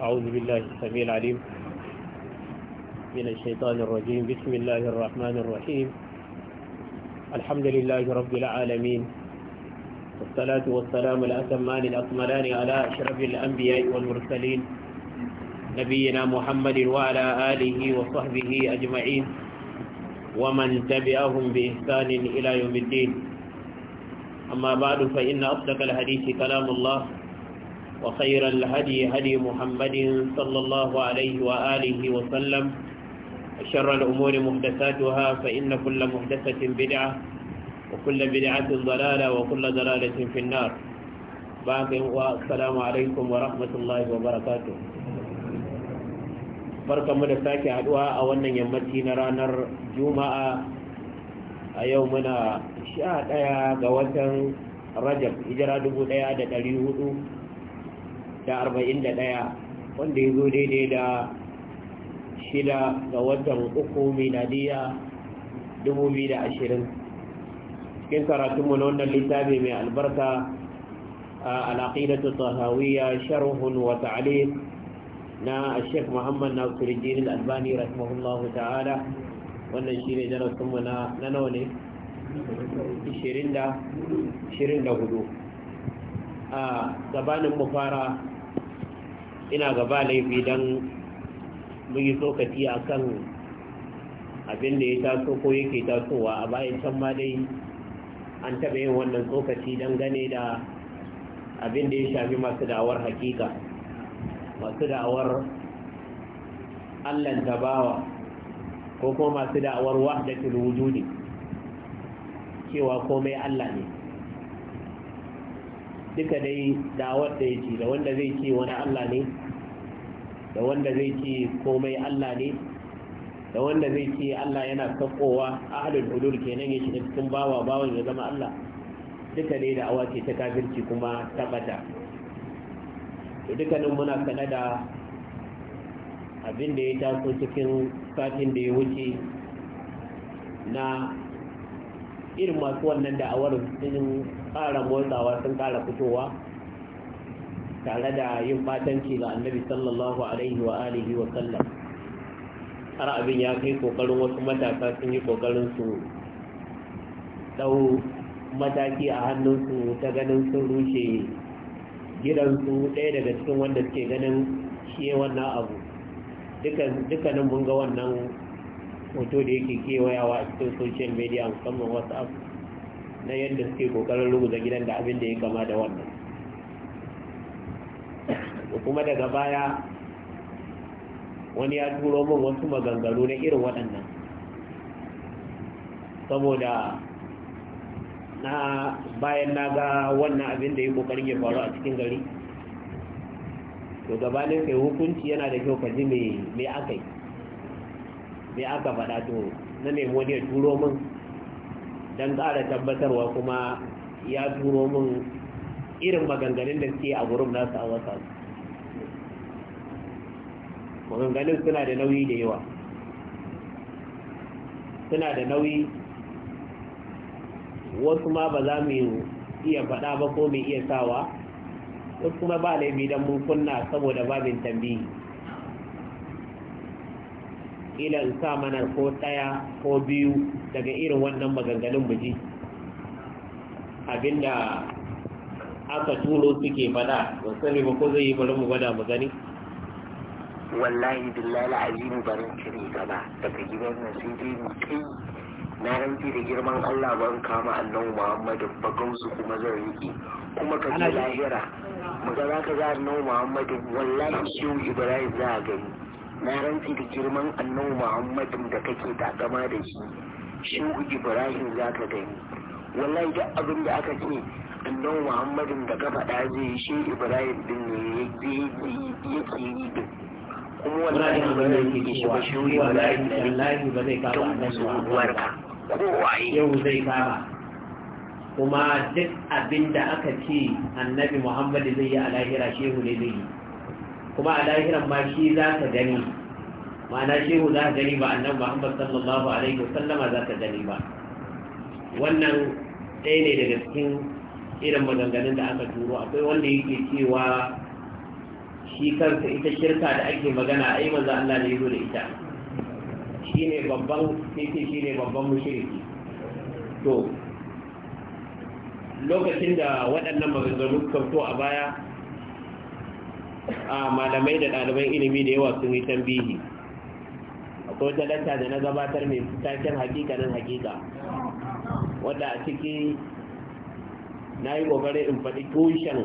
أعوذ بالله السميع العليم من الشيطان الرجيم بسم الله الرحمن الرحيم الحمد لله رب العالمين والصلاة والسلام الأتمان الأكملان على أشرف الأنبياء والمرسلين نبينا محمد وعلى آله وصحبه أجمعين ومن تبعهم بإحسان إلى يوم الدين أما بعد فإن أصدق الحديث كلام الله وخير الهدي هدي محمد صلى الله عليه وآله وسلم شر الأمور محدثاتها فإن كل محدثة بدعة وكل بدعة ضلالة وكل ضلالة في النار باقي والسلام عليكم ورحمة الله وبركاته barka mu da sake haduwa a wannan yammaci na ranar juma'a a yau muna sha ɗaya ga watan rajab hijira dubu ɗaya da ɗari hudu da arba'in da ɗaya wanda ya zo daidai da shida ga watan uku miladiya dubu biyu da ashirin cikin karatunmu na wannan littafi mai albarka a al'aqidatu tahawiyya sharhun na Sheikh Muhammad Nasiruddin Al-Albani ta'ala wannan shine na ne da 24 a gabanin mu fara ina gaba laifi don muyi tsokaci a kan abin da ya taso ko yake tasowa a bayan can ma dai an taɓa yin wannan tsokaci don gane da abin da ya shafi masu da'awar hakika masu da'awar allanta bawa ko kuma masu da'awar wahdatul wujudi cewa komai allah ne duka dai da'awar da ya ce da wanda zai ce wani Allah ne da wanda zai ce komai Allah ne da wanda zai ce Allah yana sakowa halin hudur kenan ya shiga cikin bawa bawan ya zama Allah duka ne da awa ce ta kafirci kuma ta bata to dukkanin muna kana da abin da ya taso cikin satin da ya wuce na irin masu wannan da'awar sun kara motsawa sun kara fitowa tare da yin fatanci ga annabi sallallahu alaihi wa alihi wa sallam har abin ya kai kokarin wasu matasa sun yi kokarin su dau mataki a hannunsu ta ganin sun rushe gidansu ɗaya daga cikin wanda suke ganin shi wannan abu dukkanin mun ga wannan hoto da yake kewayawa a cikin social media musamman whatsapp na yadda suke kokarin rubuta gidan da abin da ya kama da wannan kuma daga baya wani ya turo min wasu maganganu na irin waɗannan saboda na bayan na ga wannan abin da ya kokarin ya faru a cikin gari to gabanin kai hukunci yana da kyau ka ji me aka yi mai aka faɗa to na nemi wani ya turo min don ƙara tabbatarwa kuma ya turo min irin maganganun da suke a gurin nasu a wasa maganganun suna da nauyi da yawa suna da nauyi wasu ma ba za mu iya faɗa ba ko mu iya sawa wasu kuma ba laifi don mun kunna saboda babin tambayi ila sa mana ko ɗaya ko biyu daga irin wannan maganganun buji abinda aka turo suke faɗa wasu ne ba ko zai yi bari mu gwada mu gani wallahi billahi azimu barin cire gaba daga gidan nan sai dai mu kai na rantsi da girman Allah ban kama annan Muhammadu ba gausu kuma zan riƙe kuma ka je lahira mu ga zaka ga annan Muhammadu wallahi shi Ibrahim za a gani na rantsi da girman annan Muhammadu da kake takama da shi shi Ibrahim za ka gani wallahi duk abin da aka ce annan Muhammadu da ka faɗa zai shi Ibrahim din ne yake yi din kuma wallahi ba zai yi shi ba shi wuri wallahi wallahi ba zai kama annabi Muhammad ba yau zai kama kuma duk abin da aka ce annabi Muhammad zai yi a lahira shehu ne zai yi kuma a lahiran ma shi za ka gani ma'ana shehu za ka gani ba annabi Muhammad sallallahu alaihi wasallama za ka gani ba wannan ɗaya ne daga cikin irin maganganun da aka turo akwai wanda yake cewa shi kansa ita shirka da ake magana a ai maza Allah ne yazo da ita ne babban shi ne babban mushiriki. to lokacin da waɗannan maganganu kanto a baya a malamai da ɗaliban ilimi da yawa sun yi tambihi akwai talata da na gabatar mai hakika hakikanin hakika wadda a ciki na yi ƙoƙarin in faɗi tushen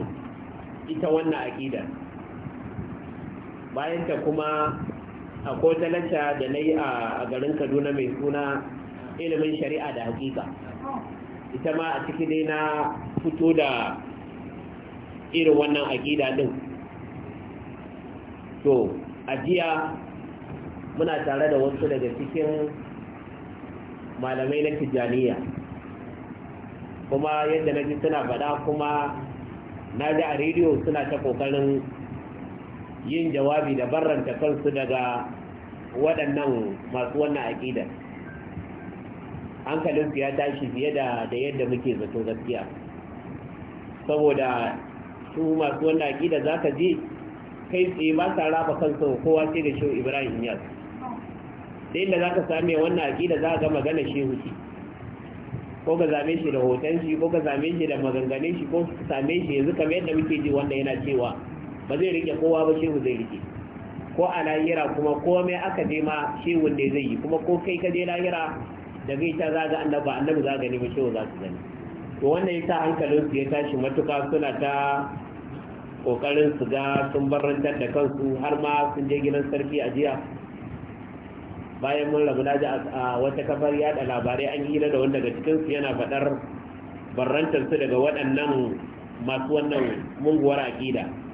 ita wannan aƙidar bayan ta kuma a ko da na yi a garin kaduna mai suna ilimin shari'a da hakika ita ma a ciki dai na fito da irin wannan aƙida din to a jiya muna tare da wasu daga cikin malamai na tijjaniya kuma yadda na ji suna faɗa kuma na ji a rediyo suna ta ƙoƙarin yin jawabi da barranta kansu daga waɗannan masu wannan aƙidar hankalinsu ya tashi fiye da yadda muke zato gaskiya saboda su masu wannan aƙida za ka je kai tsaye ba sa raba kansu kowa sai da shehu ibrahim yas da inda za ka same wannan aƙida za ga magana shehu shi? ko ka zame shi da hoton shi ko ka zame shi da maganganun shi ko ka same shi yanzu kamar yadda muke ji wanda yana cewa ba zai rike kowa ba shehu zai rike ko a lahira kuma komai aka je ma shehu ne zai yi kuma ko kai ka je lahira da zai ta zaga annabi annabi za gani ba shehu za su gani to wannan sa hankalin su ya tashi matuka suna ta kokarin su ga sun barantar da kansu har ma sun je gidan sarki a jiya bayan mun rabu ji a wata kafar yada labarai an hira da wanda daga cikin su yana faɗar barrantar su daga waɗannan masu wannan munguwar aƙida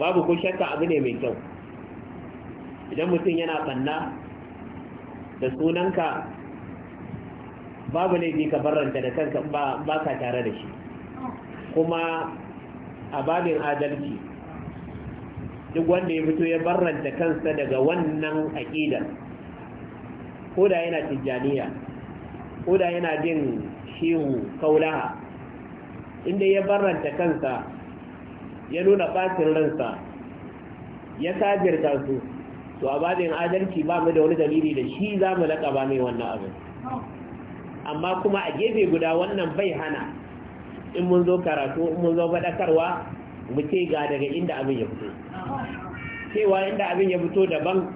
babu ko shakka abu ne mai kyau idan mutum yana sanna da sunanka babu laifi ka barranta da kanka ba ka tare da shi kuma a babin adalci duk wanda ya fito ya barranta kansa daga wannan aƙidar ko da yana tijjaniya ko da yana bin shehu kaulaha inda ya barranta kansa ya nuna ɓacin ransa ya kajirta su to a baɗin adalci ba mu da wani dalili da shi za mu laƙaba mai wannan abin amma kuma a gefe guda wannan bai hana in mun zo karatu in mun zo faɗakarwa mu ce ga daga inda abin ya fito cewa inda abin ya fito daban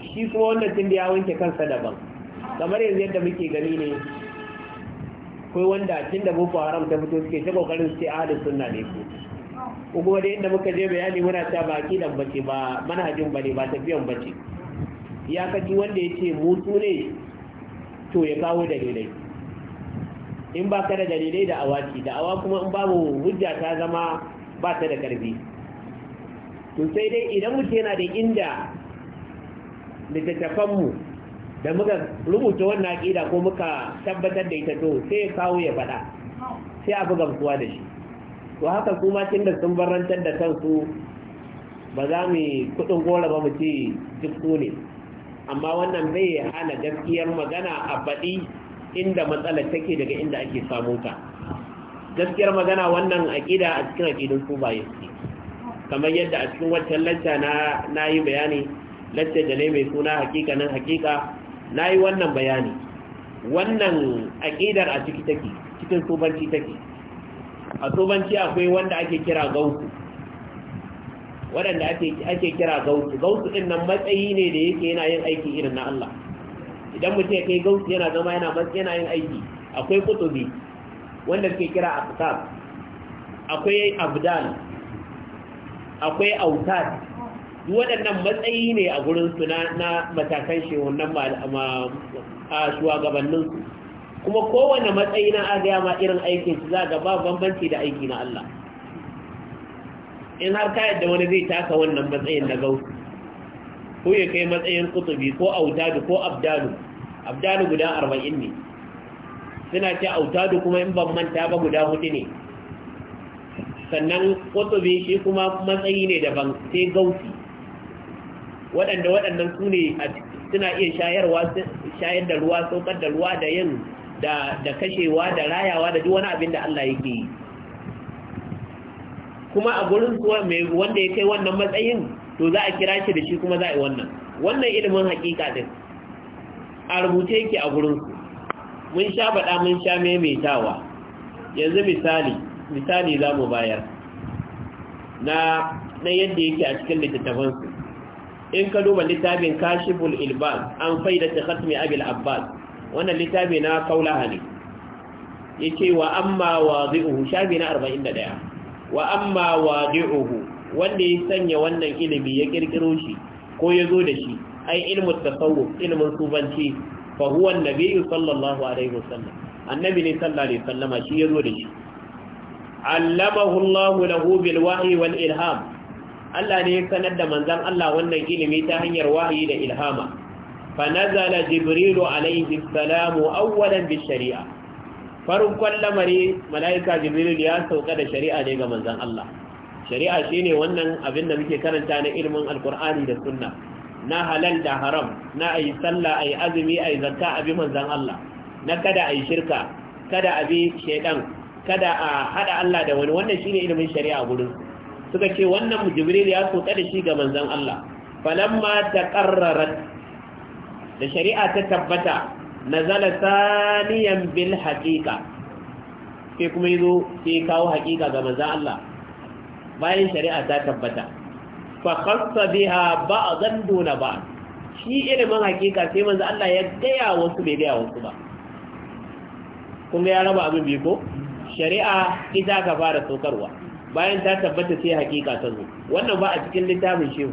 shi kuma wannan tun da ya wanke kansa daban kamar yanzu yadda muke gani ne kai wanda tun da boko haram ta fito suke ta kokarin su ce ahalin sunna ne ko kuma wani inda muka je bayani muna ta ba kidan bace ba manhajin ne ba tafiyan bace ya kaji wanda yace mutu ne to ya kawo dalilai in ba ka da dalilai da awaki da awa kuma in babu hujja ta zama ba ta da karfi to sai dai idan mutum yana da inda littattafanmu da muka rubuta wannan aƙida ko muka tabbatar da ita to sai ya kawo ya faɗa sai a fi gamsuwa da shi to haka su ma da sun barantar da kansu ba za mu kudin gora ba mu ce duk su ne amma wannan zai hana gaskiyar magana a baɗi inda matsalar take daga inda ake samun ka gaskiyar magana wannan aƙida a cikin aƙidun su ba yake kamar yadda a cikin waccan lacca na yi bayani lacca da ne mai suna hakika nan hakika na yi wannan bayani wannan aƙidar a ciki take cikin subanci take a tsobanci akwai wanda ake kira gautu waɗanda ake kira gautu gautu ɗin nan matsayi ne da yake yana yin aiki irin na Allah idan mutum ya kai gautu yana zama yana yana yin aiki akwai kutubi wanda suke kira aqtab akwai abdal akwai autad duk waɗannan matsayi ne a gurin su na matakan shi wannan a shugabanninsu kuma kowane matsayi na agaya ma irin aikin su za ga ba bambanci da aiki na Allah in har ka yadda wani zai taka wannan matsayin na gau ko ya kai matsayin kutubi ko autadu ko abdalu abdalu guda arba'in ne suna ce autadu kuma in ban manta ba guda hudu ne sannan kutubi shi kuma matsayi ne daban sai gausi waɗanda waɗannan su ne suna iya shayarwa shayar da ruwa saukar da ruwa da yin da da kashewa da rayawa da duk wani abin da Allah yake yi kuma a gurin mai wanda ya kai wannan matsayin to za a kira shi da shi kuma za a yi wannan wannan ilimin hakika din a rubuce yake a gurin ku mun sha baɗa mun sha maimaitawa yanzu misali misali za mu bayar na na yadda yake a cikin littattafansu in ka duba littafin kashiful ilbas an faida ta khatmi abil abbas wannan littafi na kaulaha ya ce wa amma wadi'uhu shafi na 41 wa amma wadi'uhu wanda ya sanya wannan ilimi ya kirkiro shi ko ya zo da shi ai ilmu tasawuf ilmin subanci fa huwa annabi sallallahu alaihi wasallam annabi ne sallallahu alaihi wasallama shi ya zo da shi allamahu Allah lahu bil wahyi wal ilham Allah ne ya sanar da manzon Allah wannan ilimi ta hanyar wahyi da ilhama فنزل جبريل عليه السلام أولا بالشريعة فرقا لمري ملائكة جبريل ياسو قد شريعة نيغا منزان الله شريعة شيني ونن أبنى مكي كانت تانا علم القرآن للسنة na halal da haram na ayi sallah ayi azumi ayi zakka abi manzan Allah na kada ayi shirka kada abi shedan kada a hada Allah da wani wannan shine ilimin shari'a gurin suka ce wannan Jibrilu ya so da shi ga manzan Allah falamma taqarrarat da shari'a ta tabbata nazala saniyan bil haqiqa sai kuma zo sai kawo haqiqa ga maza Allah bayan shari'a ta tabbata fa khassa biha ba'dan duna ba, shi ilimin haqiqa sai maza Allah ya gaya wasu bai gaya wasu ba kun ya raba abin biyu ko shari'a ita ka fara saukarwa bayan ta tabbata sai haqiqa ta zo wannan ba a cikin littafin shehu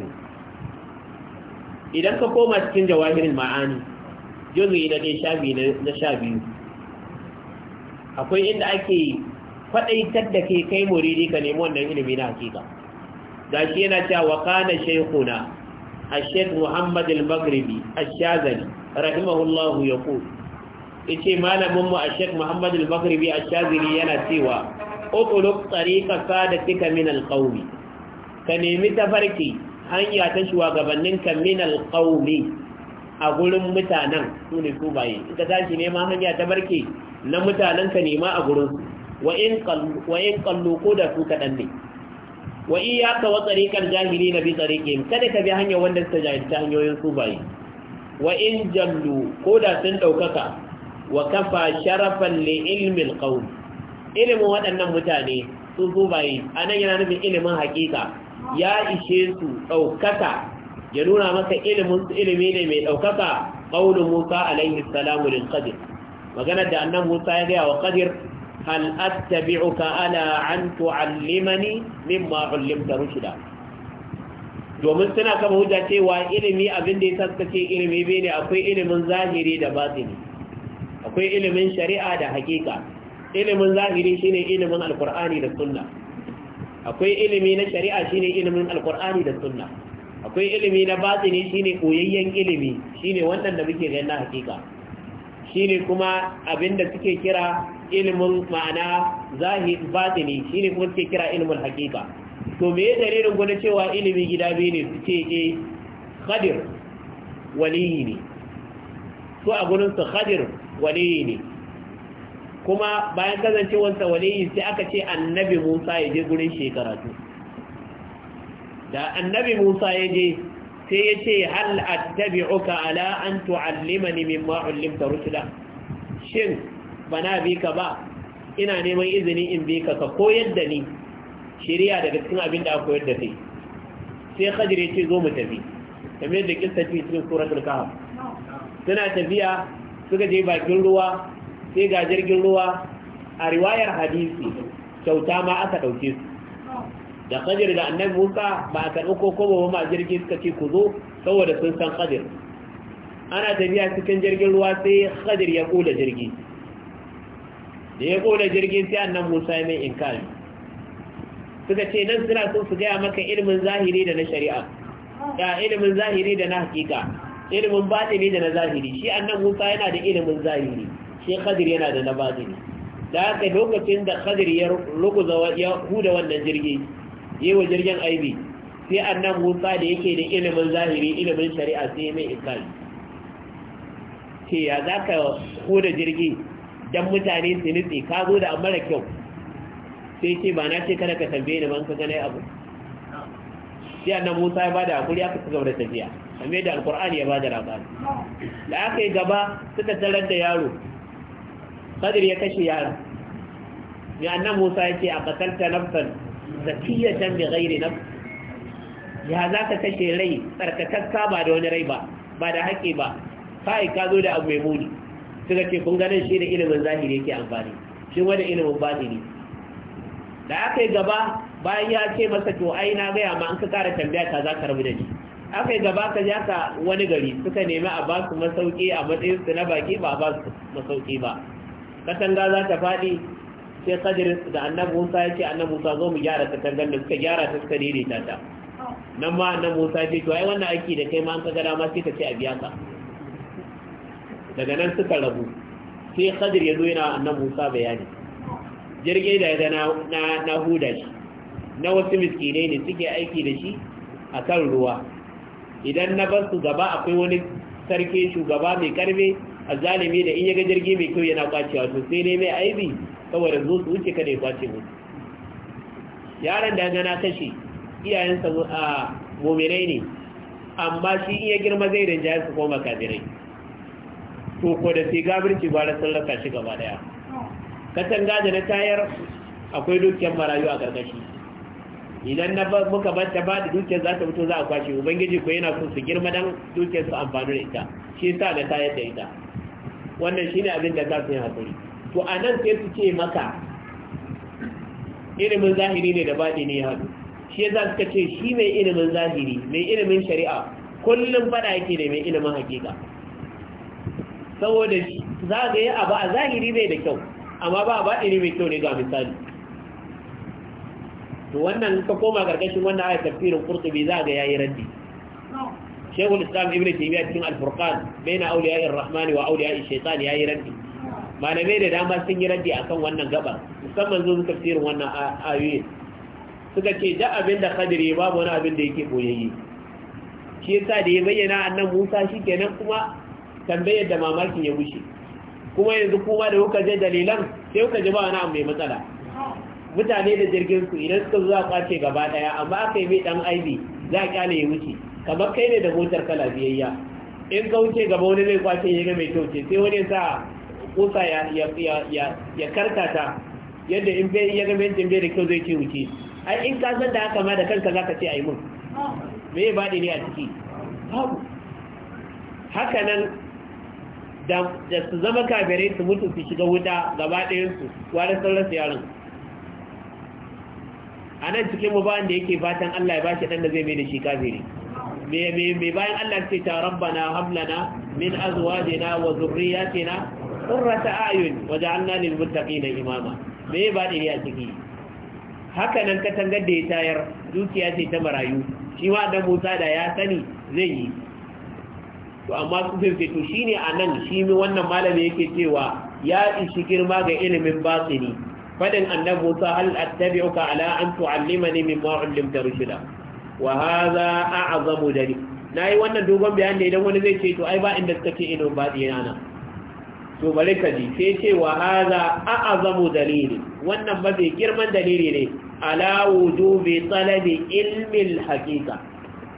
idan ka koma cikin jawahirin ma'ani juzuyi na ɗaya sha biyu na sha biyu akwai inda ake faɗaitar da ke kai muridi ka nemi wannan ilimi na hakika ga shi yana cewa wa kana shaykhuna ash-shaykh Muhammad al-Maghribi ash-Shazali rahimahullah yaqul yace malamin mu ash-shaykh Muhammad al-Maghribi ash-Shazali yana cewa uquluq tariqa sadatika min al-qawmi ka nemi tafarki hanya ta shugabannin ka min alqawmi a gurin mutanen sune su baye in ka tashi nema hanya ta barke na mutanen ka nema a gurin wa in qallu wa in ko da su kadan ne wa iyyaka wa jahili jahilin bi tariqihim kada ka bi hanya wanda suka ta hanyoyin su baye wa in jallu ko da sun daukaka wa kafa sharafan li ilmi alqawm ilimin waɗannan mutane su su baye anan yana nufin ilimin haƙiƙa ya ishe su ɗaukaka ya nuna maka ilimi ne mai ɗaukaka ƙaunin musa alaihi salamu lil maganar da annan musa ya gaya wa qadir hal attabi'uka ala an tu'allimani mimma 'allimta rushda domin suna kama hujja cewa ilimi abin da ya saskace ilimi bai ne akwai ilimin zahiri da batini akwai ilimin shari'a da hakika ilimin zahiri shine ilimin alkur'ani da sunna akwai ilimi na shari'a shine ilimin alkur'ani da sunna akwai ilimi na batini shine koyayyen ilimi shine wannan da muke ganin hakika shine kuma abinda suke kira ilimin ma'ana zahir batini shine kuma suke kira ilimin hakika to me dalilin gona cewa ilimi gida biyu ne suke ke, eh, khadir waliyi ne su a gurin su khadir waliyi ne kuma bayan kasancewarsa waliyi sai aka ce annabi musa ya je gurin shekaratu da annabi musa ya je sai ya ce hal attabi'uka ala an tu'allimani mimma ullimta rusula shin bana bi ka ba ina neman izini in bi ka ka koyar da ni shiriya daga cikin abin da aka koyar da kai sai khadir ya ce zo mu tafi kamar da kissa ce cikin suratul kahf suna tafiya suka je bakin ruwa sai ga jirgin ruwa a riwayar hadisi kyauta ma aka ɗauke su da kajir da annabi musa ba a karɓi ko ba ma jirgi suka ce ku zo saboda sun san kajir ana tafiya cikin jirgin ruwa sai kajir ya ƙula jirgi da ya ƙula jirgin sai annan musa ya mai inkari suka ce nan suna son su gaya maka ilimin zahiri da na shari'a ya ilimin zahiri da na hakika ilimin batini da na zahiri shi annan musa yana da ilimin zahiri sai khadir yana da na ne da yi lokacin da khadir ya rukuza ya huda wannan jirgi yi wa jirgin aibi sai annan musa da yake da ilimin zahiri ilimin shari'a sai mai ikali ke ya za ka huda jirgi don mutane su nitsi ka zo da mara kyau sai ce ba na ce kada ka tambaye ni ban ka gane abu sai annan musa ya bada hakuri aka ci gaba da tafiya kamar da alkur'ani ya bada labari da aka yi gaba suka tarar da yaro Khadir ya kashe yaron ya annan Musa yake ce a qatalta nafsan zakiyatan bi ghairi nafs ya za ka kashe rai tsarkakakka ba da wani rai ba ba da haƙƙi ba kai ka zo da abu mai muni suka ce kun ganin shi da ilimin zahiri yake amfani shi wani ilimin batini da aka yi gaba bayan ya ce masa to ai na gaya ma an ka kara tambaya ka za ka rabu da ni aka yi gaba ka ja ka wani gari suka nemi a basu masauki a matsayin su na baki ba a basu masauki ba katanga za ta faɗi sai kadir da annabi musa ya ce annabi musa zo mu gyara katangar da suka gyara ta suka daidaita ta nan ma annabi musa ce to ai wannan aiki da kai ma an kaga dama sai ka ce a biya ka daga nan suka rabu sai kadir ya zo yana annabi musa bayani jirgin da ya ga na huda shi na wasu miskinai ne suke aiki da shi a kan ruwa idan na bar su gaba akwai wani sarki shugaba mai karfe azalimi da in ya ga jirgi mai kyau yana kwacewa to sai ne mai aibi saboda zo su wuce kada ya kwace mu. yaron da ga kashi kashe iyayensa a mominai ne amma shi iya girma zai rinjaye su koma kafirai to ko da sai gabirci gwara sun shi gaba daya katanga da na tayar akwai dukiyar marayu a karkashi idan na muka bata ba da dukiyar za ta fito za a kwashe ubangiji ko yana so su girma dan dukiyar su amfani da ita shi ta na tayar da ita wannan shi ne abin da za su yi hakuri to a nan sai su ce maka ilimin zahiri ne da baɗi ne ya haɗu shi za su ce shi mai ilimin zahiri mai ilimin shari'a kullum faɗa yake da mai ilimin hakika saboda za ga yi abu a zahiri ne da kyau amma ba a baɗi ne mai kyau ne ga misali to wannan ka koma ƙarƙashin wannan ayat tafsirin qurtubi za ga yayi raddi شيخ الاسلام ابن تيميه cikin الفرقان بين baina الرحمن واولياء wa يا ya ما نبي malamai da dama sun yi akan wannan gaba musamman zo suka tafsirin wannan ayoyi suka ce da abin da kadiri babu wani abin da yake boyayye shi yasa da ya bayyana nan Musa shikenan kuma tambayar da mamakin ya wuce kuma yanzu kuma da kuka je dalilan sai kuka ji ba wani abu mai matsala mutane da jirgin su idan suka zuwa kwace gaba daya amma aka yi mai dan aibi za a kyale ya wuce kamar kai ne da motar kala biyayya in ka wuce gaba wani zai kwace ya mai kyau sai wani sa kusa ya karkata yadda in bai ya ga bencin bai da kyau zai ce wuce ai in ka san da haka ma da kanka zaka ce ai mun me ya bade ne a ciki babu haka nan da su zama kafirai su mutu su shiga wuta gaba ɗayansu wani sauran su yaron a nan cikin mu da yake fatan Allah ya bashi ɗan da zai mai da shi kafiri me bayan Allah ce ta rabbana hamlana min azwajina wa zurriyatina qurrata ayun waj'alna lil muttaqina imama me ba dai a ciki haka nan katangar da ya tayar dukiya ce ta marayu shi ma da Musa da ya sani zai yi to amma su sai to shine anan shi mi wannan malami yake cewa ya ishi girma ga ilimin batini fadin annabi Musa hal attabi'uka ala an tu'allimani mimma 'allamta rushda wa hadha a'zamu dari nayi wannan dogon bayanin da idan wani zai ce to ai ba inda suka ce ino ba dai yana to bare ka ji sai ce wa hadha a'zamu dalili wannan ba zai girman dalili ne ala wujubi talabi ilmi al-haqiqa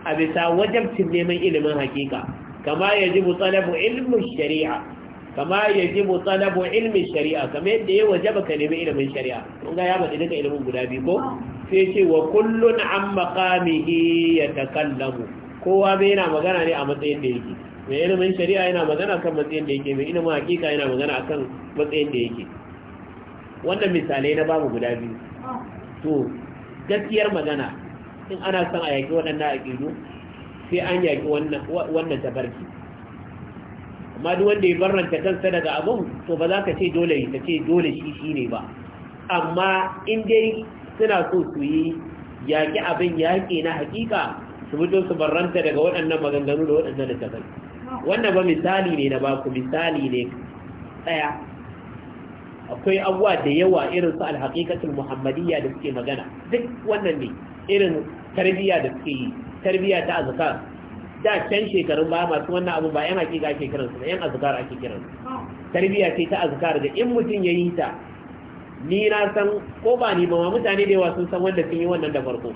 a bisa cin neman ilimin haqiqa kama yajibu talabu ilmi shari'a kama yajibu talabu ilimin shari'a kamar yadda ya waje ka nemi ilimin shari'a kun ga ya baɗi duka ilimin guda biyu ko sai ce wa kullun an maqamihi yatakallamu kowa bai yana magana ne a matsayin da yake mai ilimin shari'a yana magana kan matsayin da yake mai ilimin hakika yana magana a kan matsayin da yake wannan misalai na babu guda biyu to gaskiyar magana in ana son a yaƙi waɗannan aƙidu sai an yaƙi wannan tabarki amma duk wanda ya barranta kansa daga abun to ba za ka ce dole ka ce dole shi shi ne ba amma in dai suna so su yi yaƙi abin yaƙi na hakika su fito su barranta daga waɗannan maganganu da waɗannan da littafai wannan ba misali ne na baku misali ne tsaya akwai abuwa da yawa irin su alhaƙiƙatul muhammadiyya da suke magana duk wannan ne irin tarbiyya da suke yi tarbiyya ta azkar da can shekarun ba masu wannan abu ba yan hakika ake kiransu ba yan azkar ake kiransu tarbiya ce ta azkar da in mutum ya yi ta ni na san ko ba ni ba ma mutane da yawa sun san wanda sun yi wannan da farko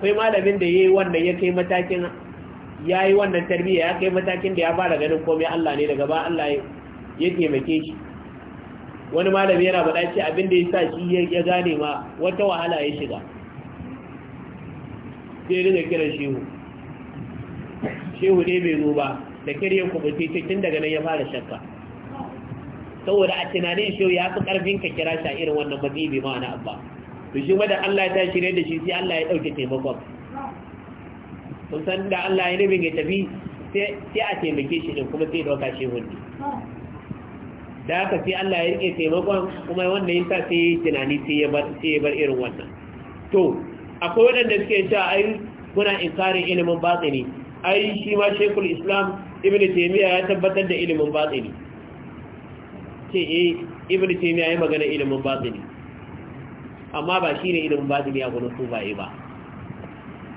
akwai malamin da yayi wannan ya kai matakin ya yi wannan tarbiya ya kai matakin da ya fara ganin komai Allah ne daga ba Allah ya taimake shi wani malami yana faɗa ce abin da ya sa shi ya gane ma wata wahala ya shiga sai ya kiran shehu shehu ne bai zo ba da kiryan kubuce tun daga nan ya fara shakka saboda a tunanin shehu ya fi karfin ka kira shi a irin wannan matsayi bai ma'ana abba to shi ma da Allah ya shirye da shi sai Allah ya dauke taimakon Kusan san da Allah ya nufin ya tafi sai a taimake shi din kuma sai dauka shehu ne da haka sai Allah ya rike taimakon kuma wanda ya sa sai tunani sai ya bar irin wannan to akwai waɗanda suke cewa ai kuna inkarin ilimin batsini ai shi ma shekul islam ibn taimiyya ya tabbatar da ilimin batini ce eh ibn taimiyya ya magana ilimin batini amma ba shi ne ilimin batini a gudun su ba eh, ba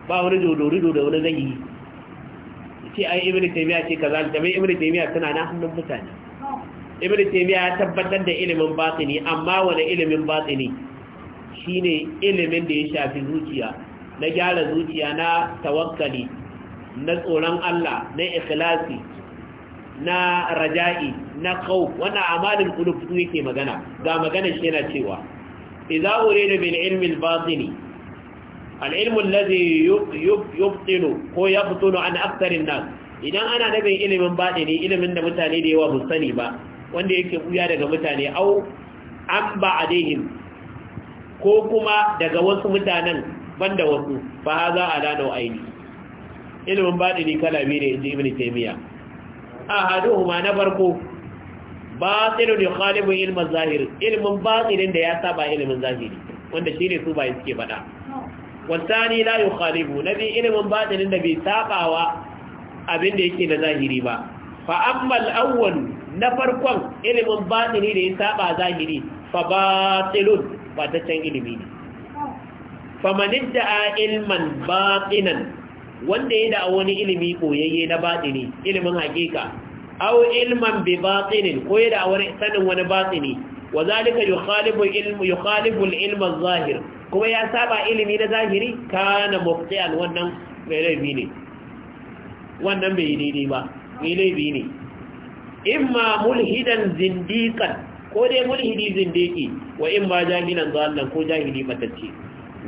ba wani dodorido da wani zai yi ce ai ibn taimiyya ce kaza da mai ibn taimiyya tana na hannun mutane ibn taimiyya ya tabbatar da ilimin batini amma wani ilimin batini shine ilimin da ya shafi zuciya na gyara zuciya na tawakkali na tsoron Allah na ikhlasi na raja'i na kau wannan amalin kulub su yake magana ga magana shi yana cewa idza urida bil ilmi al batini al ilmu alladhi yubtilu ko yabtulu an akthar an nas idan ana da bin ilimin batini ilimin da mutane da yawa ba sani ba wanda yake buya daga mutane au an ba alaihim ko kuma daga wasu mutanen banda wasu fa haza ala nau'aini ilimin baɗini kala biyu ne inji ibn taymiya ahaduhuma na farko batilun yukhalibu zahiri. zahir baɗi ne da ya saba ilimin zahiri wanda shi ne su ba suke faɗa wasani la na nabi ilimin ne da bai wa abin da yake na zahiri ba fa amma al-awwal na farkon ilimin ne da ya saba zahiri fa batilun ba ta can ilimi ne fa da a ilman batinan wanda ya da wani ilimi koyayye na batini ilimin hakika aw ilman bi batinin ko ya da wani sanin wani batini wa zalika yukhalibu ilmu yukhalibu al-ilm kuma ya saba ilimi na zahiri kana muftian wannan bai laifi ne wannan bai daidai ba bai laifi ne imma mulhidan zindiqan ko dai mulhidi zindiqi wa imma jahilan dhallan ko jahili matacci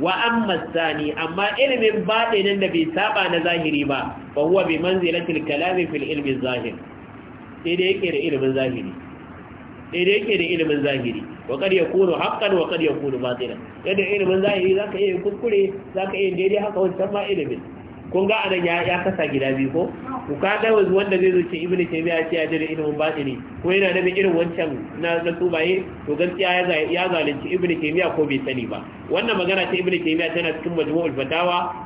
wa amma sani amma ilimin batinin da bai saba na zahiri ba ba huwa bai manzilatil kalami fil ilmi zahir sai da yake da ilimin zahiri sai da yake da ilimin zahiri wa kad yakunu haqqan wa kad yakunu batilan yadda ilimin zahiri zaka iya kuskure zaka iya daidai haka wannan ma ilimin kun ga anan ya ya kasa gida biyu ko ku ka ga wanda zai zo ce ibnu taymiya ya ce ya jira baɗi ne. ko yana da irin wancan na na subaye to gaskiya ya ya zalunci ibnu taymiya ko bai sani ba wannan magana ta ibnu taymiya tana cikin majmu'ul fatawa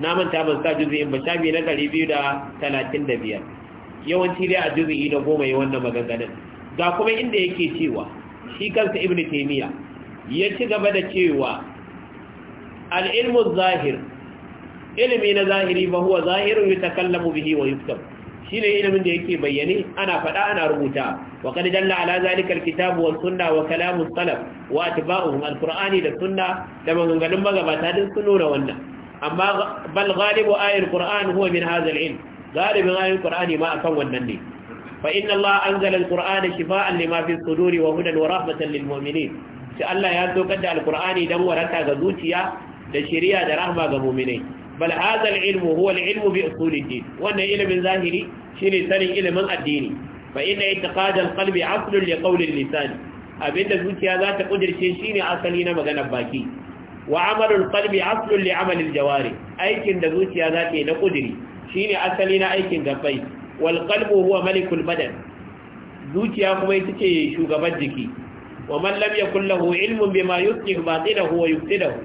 na manta ban sa juzu'in ba shafi na 235 yawanci dai a juzu'i na goma yi wannan maganganun ga kuma inda yake cewa shi kansa ibnu taymiya ya ci gaba da cewa al-ilmu zahir ilimi na zahiri ba huwa zahirun yutakallamu bihi wa yuktab shine ilimin da yake bayyane ana faɗa ana rubuta wa qad dalla ala zalika alkitabu wa sunna wa kalamu salaf wa atba'uhum alqur'ani da sunna da maganganun magabata din sun nuna wannan amma bal ghalibu ayatul qur'an huwa min hadha alilm galibin ayatul qur'ani ma akan wannan ne fa inna allaha anzala alqur'ana shifaa'an lima fi suduri wa hudan wa rahmatan lil mu'minin shi Allah ya saukar da alqur'ani dan waraka ga zuciya da shari'a da rahma ga mu'minai bal hadha al-ilmu huwa al-ilmu bi usul ad-din wannan ilimin zahiri shine sanin ilimin addini fa inna i'tiqad al-qalbi aslun li qawl al-lisan abinda zuciya za ta kudirce shine asali na maganar baki wa amalul qalbi aslun li amal al-jawari aikin da zuciya za ta yi na kudiri shine asali na aikin gabbai wal qalbu huwa malikul badan zuciya kuma ita ce shugaban jiki wa man lam yakul lahu ilmun bima yuslih batilahu wa yufsidahu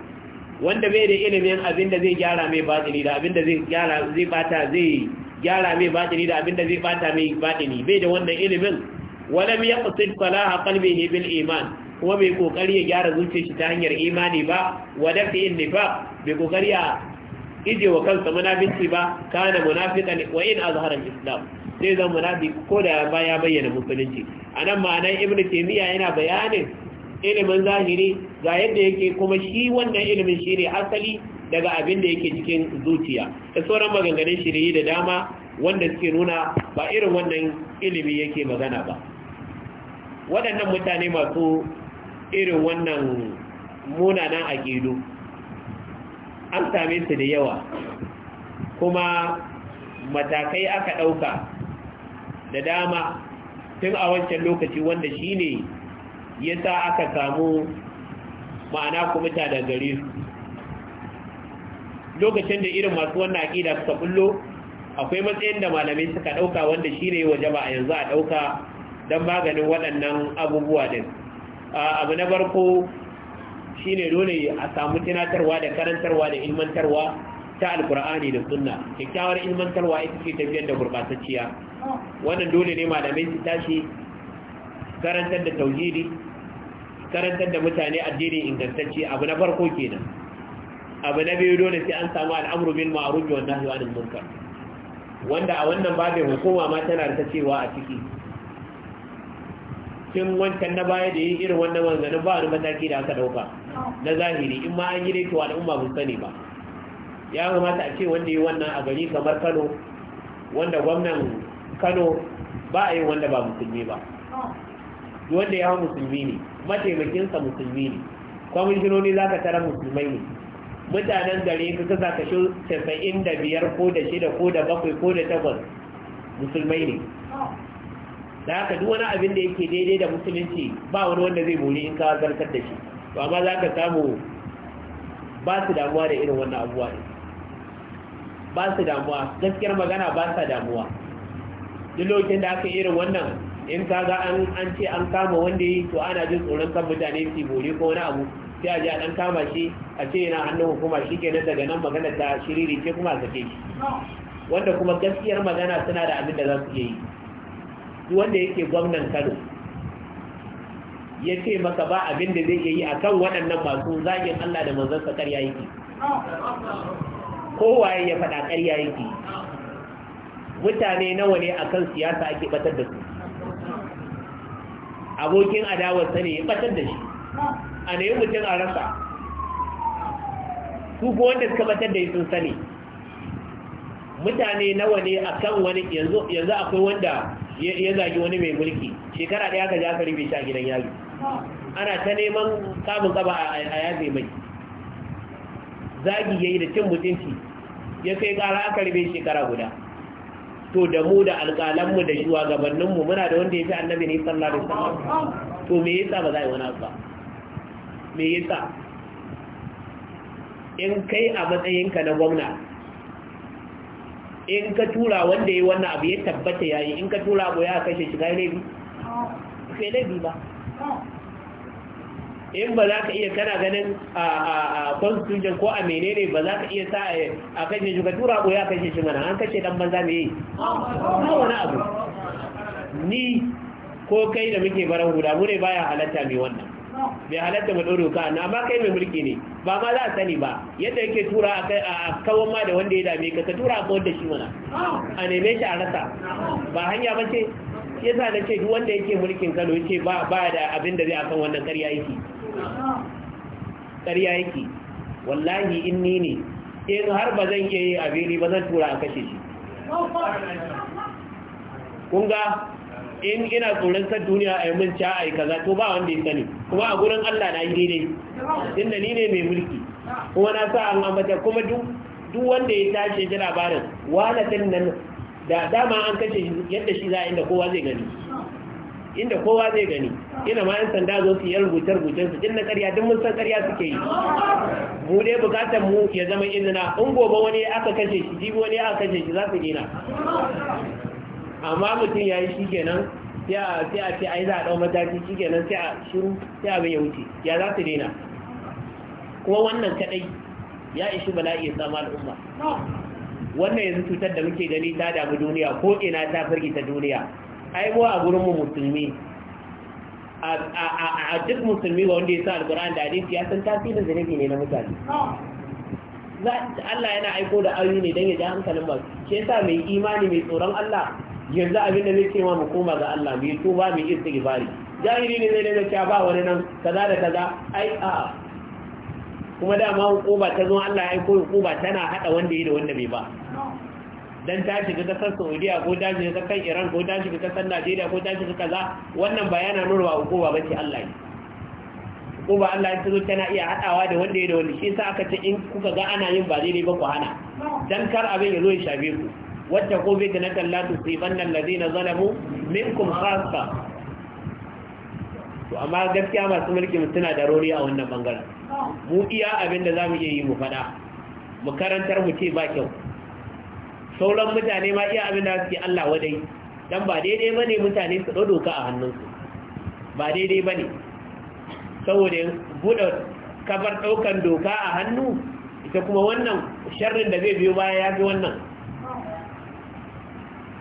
wanda bai da ilimin abin da zai gyara mai batini da abin da zai gyara zai bata zai gyara mai batini da abin da zai bata mai batini bai da wannan ilimin walam yaqsid salaha qalbihi bil iman kuma bai kokari ya gyara zuciyar shi ta hanyar imani ba wada fi nifaq bai kokari ya ije wa kansa munafici ba kana munafiqan wa in azhara al-islam sai zan munafiq ko da ya bayyana musulunci anan ma'anar ibnu taymiya yana bayanin ilimin zahiri ga yadda yake kuma shi wannan ilimin shi ne asali daga abin da yake cikin zuciya da sauran maganganun shirye da dama wanda suke nuna ba irin wannan ilimi yake magana ba waɗannan mutane masu irin wannan munanan aƙidu an same su da yawa kuma matakai aka ɗauka da dama tun a wancan lokaci wanda shi ne ya sa aka samu ma'ana ta da gare su lokacin da irin masu wannan aƙida suka bullo akwai matsayin da malamai suka ɗauka wanda shi ne waje ba a yanzu a ɗauka don maganin waɗannan abubuwa din abu na farko shi ne dole a samu tunatarwa da karantarwa da ilmantarwa ta alkur'ani da sunna kyakkyawar ilmantarwa ita ce tafiyar da gurɓatacciya wannan dole ne malamai su tashi karantar da tauhidi karantar da mutane addini ingantacce abu na farko kenan abu na biyu dole sai an samu al'amru bil ma'ruf wa nahyi anil munkar wanda a wannan babin hukuma ma tana da cewa a ciki cin wancan na baya da yin irin wannan wanzanin ba wani mataki da aka dauka na zahiri in ma an yi dai to al'umma ba sani ba ya kamata a ce wanda yi wannan a gari kamar Kano wanda gwamnan Kano ba a yi wanda ba musulmi ba wanda ya musulmi ne mataimakinsa musulmi ne kwamishinoni za ka tara musulmai ne mutanen gare ka saka shi tafa'in da biyar ko da shida ko da bakwai ko da takwas musulmai ne da haka duk wani abin da yake daidai da musulunci ba wani wanda zai mori in kawo zartar da shi to amma za ka samu ba su damuwa da irin wannan abuwa ne ba su damuwa gaskiyar magana ba su damuwa duk lokacin da aka yi irin wannan in ka ga an ce an kama wanda yi to ana jin tsoron kan mutane su bore ko wani abu sai a ji a ɗan kama shi a ce yana hannun hukuma shi ke nan daga nan magana ta shiriri ce kuma a sake shi wanda kuma gaskiyar magana suna da abin da za su iya yi Su wanda yake gwamnan kano ya ce maka ba abin da zai iya yi akan waɗannan masu zagin allah da sa karya yake kowaye ya faɗa karya yake mutane nawa ne akan siyasa ake batar da su abokin adawarsa ne ya batar da shi a na mutum a rasa su wanda suka batar da yi sun sani mutane nawa ne a kan wani yanzu akwai wanda ya zagi wani mai mulki shekara ɗaya ka ja ka rufe shi a gidan yari ana ta neman kamun kaba a yafe mai zagi ya yi da cin mutunci ya kai ƙara aka ribe shekara guda to da mu da alƙalanmu da gabaninmu muna da wanda ya fi annabi ne sallallahu alaihi wasallam to me yasa ba za a yi wani abu ba me yasa in kai a matsayinka na gwamna in ka tura wanda ya wannan abu ya tabbata yayi in ka tura abu ya kashe shi kai laifi kai laifi ba in ba za ka iya tana ganin a constitution ko a menene ba za ka iya sa a kashe shi ka tura ko ya kashe shi mana an kashe dan banza me yi na wani abu ni ko kai da muke baran guda mune ne baya halatta mai wannan bai halatta mai ɗoro ka ba kai mai mulki ne ba ma za a sani ba yadda yake tura a kawon ma da wanda ya dame ka ka tura a kawon da shi mana a neme shi a rasa ba hanya ba ce yasa na ce duk wanda yake mulkin Kano yake ba ba da abin da zai akan wannan karya yake ƙarya yake wallahi in ni ne in har ba zan iya yi a ba zan tura a kashe shi kunga in ina tsoron duniya a yi min ca a yi kaza to ba wanda ya sani kuma a gurin Allah na yi daidai inda ni ne mai mulki kuma na sa an ambata kuma duk wanda ya tashi ji labarin walatin nan da dama an kashe yadda shi za a inda kowa zai gani inda kowa zai gani ina ma 'yan sanda zo su yi rubuce-rubucen su jin na karya din mun san karya suke yi mu dai bukatar mu ya zama izina in gobe wani aka kashe shi jibi wani aka kashe shi za su dina amma mutum ya yi shi kenan sai a ce a yi za a ɗau mataki shi kenan sai a shiru sai abin ya wuce ya za su dina kuma wannan kaɗai ya ishi bala'i ya samu al'umma wannan yanzu cutar da muke gani ta damu duniya ko ina ta firgita duniya aibuwa a gurinmu musulmi a duk musulmi ba wanda ya sa alkur'an da hadisi ya san tasirin zunubi ne na mutane Allah yana aiko da ayu ne don ya ji hankalin ba ke sa mai imani mai tsoron Allah yanzu abin da zai ce ma mu koma ga Allah mai yi tuba mai yi istighfari jahili ne zai daga cewa ba wani nan kaza da kaza ai a kuma dama hukuma ta zo Allah ya aiko hukuma tana hada wanda yi da wanda bai ba dan ta shiga kasar saudiya ko ta shiga kasar iran ko ta shiga kasar najeriya ko ta shiga kaza wannan ba yana nuna wa hukuma ba ce allah ne hukuma allah ta zo tana iya haɗawa da wanda ya da wani shi sa aka ce in kuka ga ana yin ba daidai ba ku hana dan kar abin ya zo ya shafe ku wata ko bai na tallatu tu siban nan zalamu minkum khassa to amma gaskiya masu mulkin suna da rori a wannan bangaren mu iya abin da za iya yi mu faɗa mu karantar mu ce ba kyau sauran mutane ma iya abin da suke Allah wadai dan ba daidai bane mutane su ɗau doka a hannunsu ba daidai bane saboda buɗe kafar ɗaukan doka a hannu ita kuma wannan sharrin da zai biyo baya ya wannan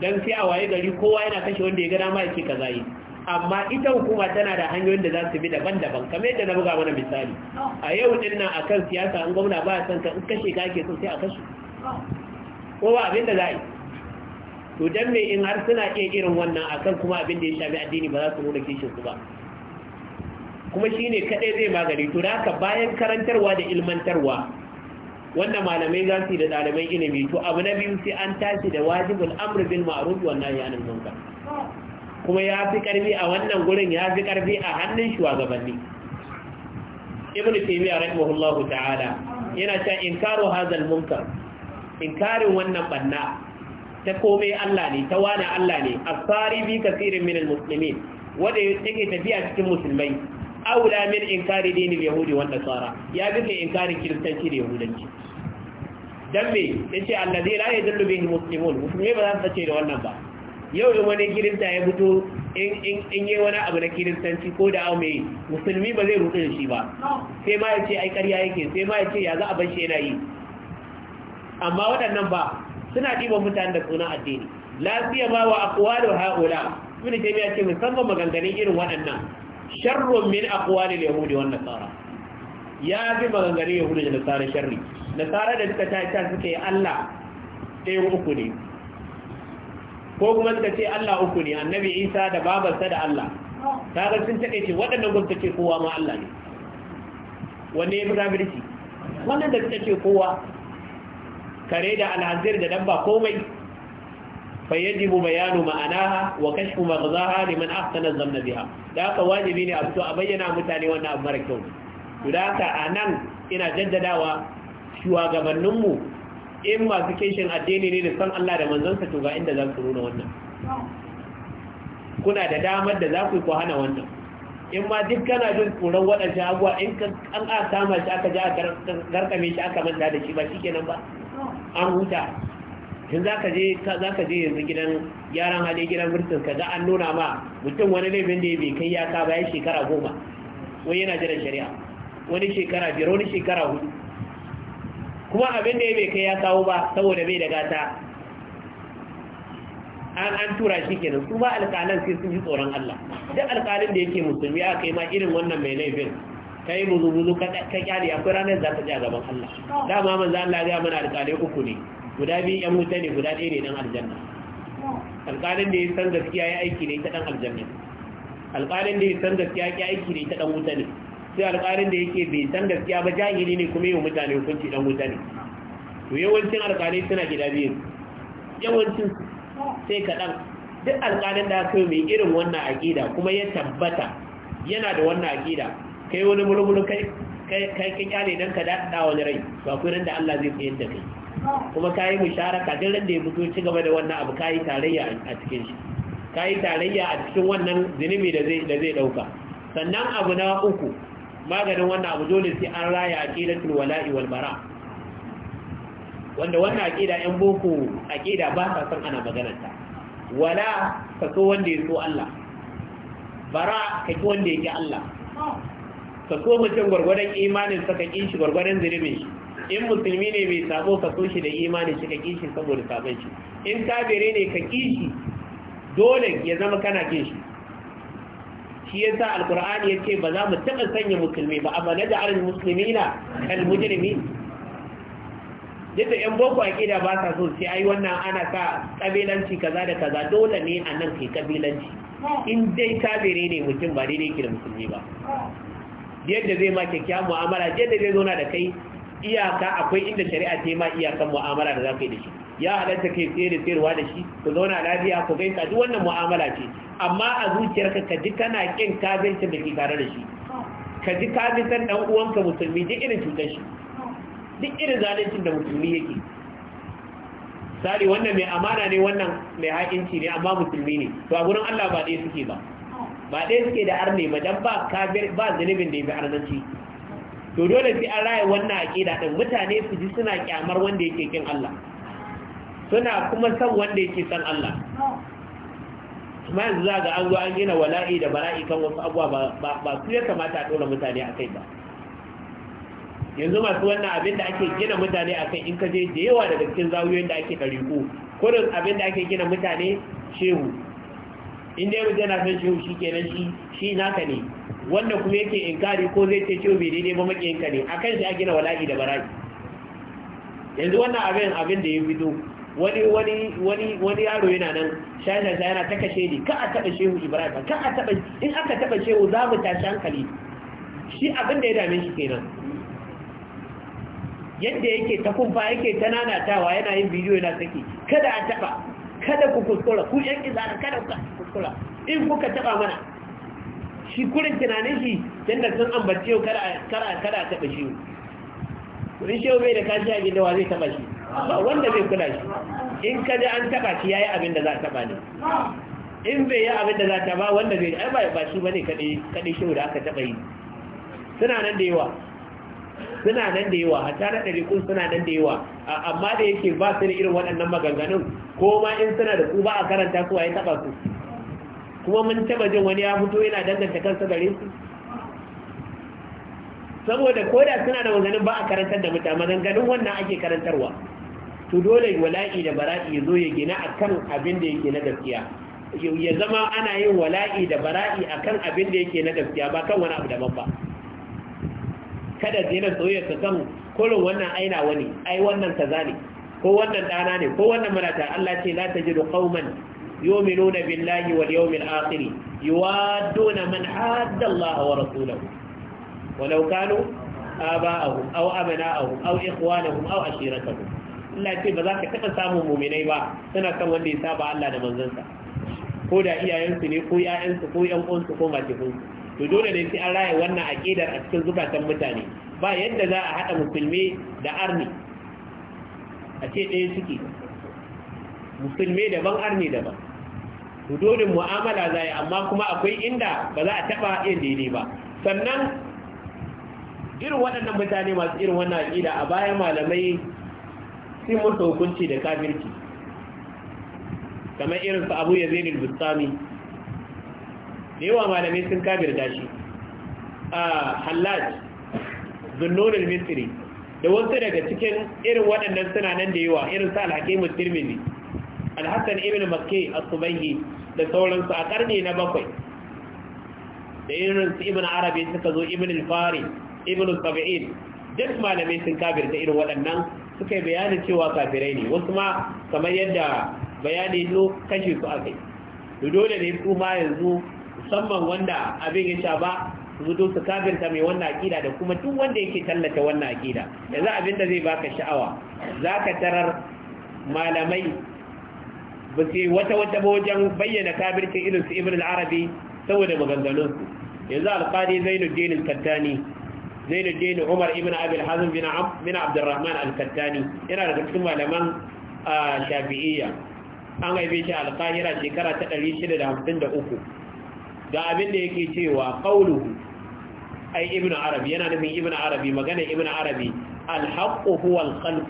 dan sai a waye gari kowa yana kashe wanda ya ga dama yake kaza yi amma ita hukuma tana da hanyoyin da za su bi daban-daban kamar yadda na buga mana misali a yau din nan akan siyasa an gwamna ba san ka in kashe ka ake so sai a kashe ko ba abin da za yi to dan mai in har suna iya irin wannan akan kuma abin da ya shafi addini ba za su nuna kishin ku ba kuma shine kadai zai magani to da haka bayan karantarwa da ilmantarwa wanda malamai za su yi da ɗaliban ilimi to abu na biyu sai an tashi da wajibul amri bin ma'ruf wan nahyi nan munkar kuma ya fi ƙarfi a wannan gurin ya fi ƙarfi a hannun shugabanni ibnu taymiyyah rahimahullahu ta'ala yana cewa inkaru hazal munkar inkarin wannan banna ta komai Allah ne ta wani Allah ne asari bi kasirin musulmi wadda ya ke tafiya cikin musulmai aula min inkari dinin yahudi wanda tsara ya bi kai inkarin kiristanci da yahudanci dan me yace zai raye yadullu bihi muslimun musulmai ba za su ce da wannan ba yau da wani kirista ya fito in yi wani abu na kiristanci ko da au mai musulmi ba zai rutu da shi ba sai ma ya ce ai ƙarya yake sai ma ya ce ya za a bar shi yana yi amma waɗannan ba suna ɗiba mutane da sunan addini lafiya ba wa aqwalu haula ibn taymiya ce musamman maganganun irin waɗannan sharrun min aqwali yahudi wan nasara ya fi maganganun yahudi da nasara sharri nasara da suka tashi suka yi Allah ɗayan uku ne ko kuma suka ce Allah uku ne annabi Isa da babarsa da Allah kaga sun take ce waɗannan gwamnati ce kowa ma Allah ne wanne ya fi kafirci wannan da suka ce kowa kare da alhazir da dan ba komai fa yajibu bayanu ma'anaha wa kashfu maghzaha liman ahsana zanna biha da haka wajibi ne a fito a bayyana mutane wannan abu mara kyau to da haka anan ina jaddadawa shugabanninmu in masu kishin addini ne da san Allah da manzansa to ga inda za su nuna wannan kuna da damar da za ku yi ku hana wannan in ma duk kana jin tsoron waɗansu abuwa in an a sama shi aka ja a garkame shi aka manta da shi ba shi kenan ba an huta in za ka je yanzu gidan yaran hali gidan birtin ka za an nuna ma mutum wani laifin da ya bai kai ya ka bayan shekara goma wani yana jiran shari'a wani shekara biyar wani shekara hudu kuma abin da ya bai kai ya kawo ba saboda bai da gata an an tura shi kenan su ba alƙalan sai sun ji tsoron Allah duk alƙalin da yake musulmi aka yi ma irin wannan mai laifin kai yi buzu-buzu ka kyale akwai ranar za ta ji a gaban Allah dama manzo Allah ya mana alƙalai uku ne guda biyu yan wuta ne guda ɗaya ne dan aljanna alƙalin da ya san gaskiya ya aiki ne ta dan aljanna alƙalin da ya san gaskiya ya aiki ne ta dan wuta ne sai alƙalin da yake bai san gaskiya ba jahili ne kuma yau mutane hukunci dan wuta ne to yawancin alƙalai suna gida biyu yawancin sai kaɗan duk alƙalin da aka yi mai irin wannan aƙida kuma ya tabbata yana da wannan aƙida kai wani mulmulu kai kai kyale dan ka daɗa wani rai ba ku da Allah zai tsayar da kai kuma ka kayi musharaka duk da ya fito ci gaba da wannan abu yi tarayya a cikin shi kayi tarayya a cikin wannan zunubi da zai da zai sannan abu na uku maganin wannan abu dole sai an raya aqidatul wala'i wal bara wanda wannan aƙida ‘yan boko aƙida ba sa san ana maganarta wala ka so wanda ya so Allah bara ka ki wanda ya ki Allah ka so mutum gwargwadon imanin sa ka kishi shi gwargwadon zunubin shi in musulmi ne mai sabo ka so shi da imanin shi ka kishi shi saboda sabon shi in kafire ne ka kishi shi dole ya zama kana ƙin shi shi yasa Alƙur'ani ya ce ba za mu taɓa sanya musulmi ba amma na ja'alul na kal mujrimin yadda yan boko aƙida ba sa so sai ai wannan ana sa kabilanci kaza da kaza dole ne a nan kai kabilanci in dai kabire ne mutum ba daidai ke da musulmi ba yadda zai ma kyakkyawan mu'amala yadda zai zo na da kai iyaka akwai inda shari'a ce ma iyakan mu'amala da za ka yi da shi ya halatta kai tsaye da tsayarwa da shi ku zauna lafiya ku gaisa duk wannan mu'amala ce amma a zuciyarka ka ji kana kin kafircin da ke tare da shi ka ji kafircin dan uwanka musulmi duk irin cutar shi duk irin zalincin da musulmi yake sari wannan mai amana ne wannan mai haƙinci ne amma musulmi ne to a gurin Allah ba ɗaya suke ba ba ɗaya suke da arne ba dan ba kafir ba zalimin da ya arnaci to dole sai an raye wannan aqida din mutane su ji suna kyamar wanda yake kin Allah suna kuma san wanda yake san Allah kuma yanzu za ga an zo an gina wala'i da bara'i kan wasu abuwa ba su ya kamata a ɗora mutane a kai ba yanzu masu wannan abin da ake gina mutane a kan in ka je da yawa daga cikin zawiyoyin da ake ko, kurin abin da ake gina mutane shehu inda ya mutu na son shehu shi kenan shi shi naka ne wanda kuma yake in kari ko zai ce shehu bai daidai ba makiyinka ne a kan shi a gina wala'i da bara'i yanzu wannan abin abin da ya fito wani wani wani wani yaro yana nan shayar da yana ta kashe ni ka a taɓa shehu ibrahim ka a taɓa in aka taɓa shehu za mu tashi hankali shi abin da ya dame shi kenan yadda yake ta kumfa yake ta nanatawa yana yin bidiyo yana saki kada a taba kada ku kuskura ku yan izara kada ku kuskura in kuka taba mana shi kurin tunanin shi tunda sun ambace kada kada a taba shi kurin shi bai da kashi a gida wa zai taba shi ba wanda zai kula shi in ka ji an taba shi yi abin da za a taba ne in bai yi abin da za ta ba wanda zai ba shi bane kadai kadai shi da aka taba yi suna nan da yawa suna nan da yawa hatta na kun suna nan da yawa amma da yake ba su da irin waɗannan maganganun ko ma in suna da ku ba a karanta su a yi taɓa su kuma mun taɓa jin wani ya fito yana danganta kansa gare su saboda ko da suna da maganganun ba a karantar da mutane maganganun wannan ake karantarwa to dole wala'i da bara'i ya zo ya gina akan abin da yake na gaskiya ya zama ana yin wala'i da bara'i akan abin da yake na gaskiya ba kan wani abu daban ba kada jina soyayya ka kan kullum wannan aina wani ai wannan kaza ne ko wannan dana ne ko wannan marata Allah ce la tajidu qauman yu'minuna billahi wal yawmil akhir yuwadduna man hadda Allah wa rasulahu walau kanu aba'ahum aw abna'ahum aw ikhwanahum aw ashiratahum Allah ce ba za ka taba samun mu'minai ba suna kan wanda ya saba Allah da sa. ko da iyayensu ne ko ƴaƴansu ko ƴan uwansu ko mace to dole ne sai an raya wannan aqidar a cikin zukatan mutane ba yadda za a hada musulmi da arni a ce ɗaya suke musulmi daban arni daban to dole mu'amala za yi amma kuma akwai inda ba za a taba yin daidai ba sannan irin waɗannan mutane masu irin wannan aqida a bayan malamai sai mutu hukunci da kafirci kamar irin su Abu Yazid al-Bustami da yawa malamai sun kabir dashi a hallaj zunnonin misiri da wasu daga cikin irin waɗannan suna nan da yawa irin sa alhakimun tirmidhi alhassan ibn makke a subaihi da sauransu a ƙarni na bakwai da irin su ibn arabi suka zo ibn al-fari ibn sab'in duk malamai sun kafirta irin waɗannan suka yi cewa kafirai ne wasu ma kamar yadda bayani zo kashe su akai dole ne su ma yanzu musamman wanda abin ya ba su zo su kafirta mai wannan akida da kuma duk wanda yake tallata wannan akida yanzu abin da zai baka sha'awa Za ka tarar malamai ba su wata wata ba wajen bayyana kafircin irin su ibn al-arabi saboda maganganun su yanzu alqadi zainuddin al-kattani zainuddin umar ibn abi al-hazm bin bin abdurrahman al-kattani yana daga cikin malaman ah, shafi'iyya an haife shi alqahira shekara ta 653 ga abin da yake cewa qauluhu ai ibnu arabi yana nufin ibnu arabi magana ibnu arabi al-haqqu huwa al-khalq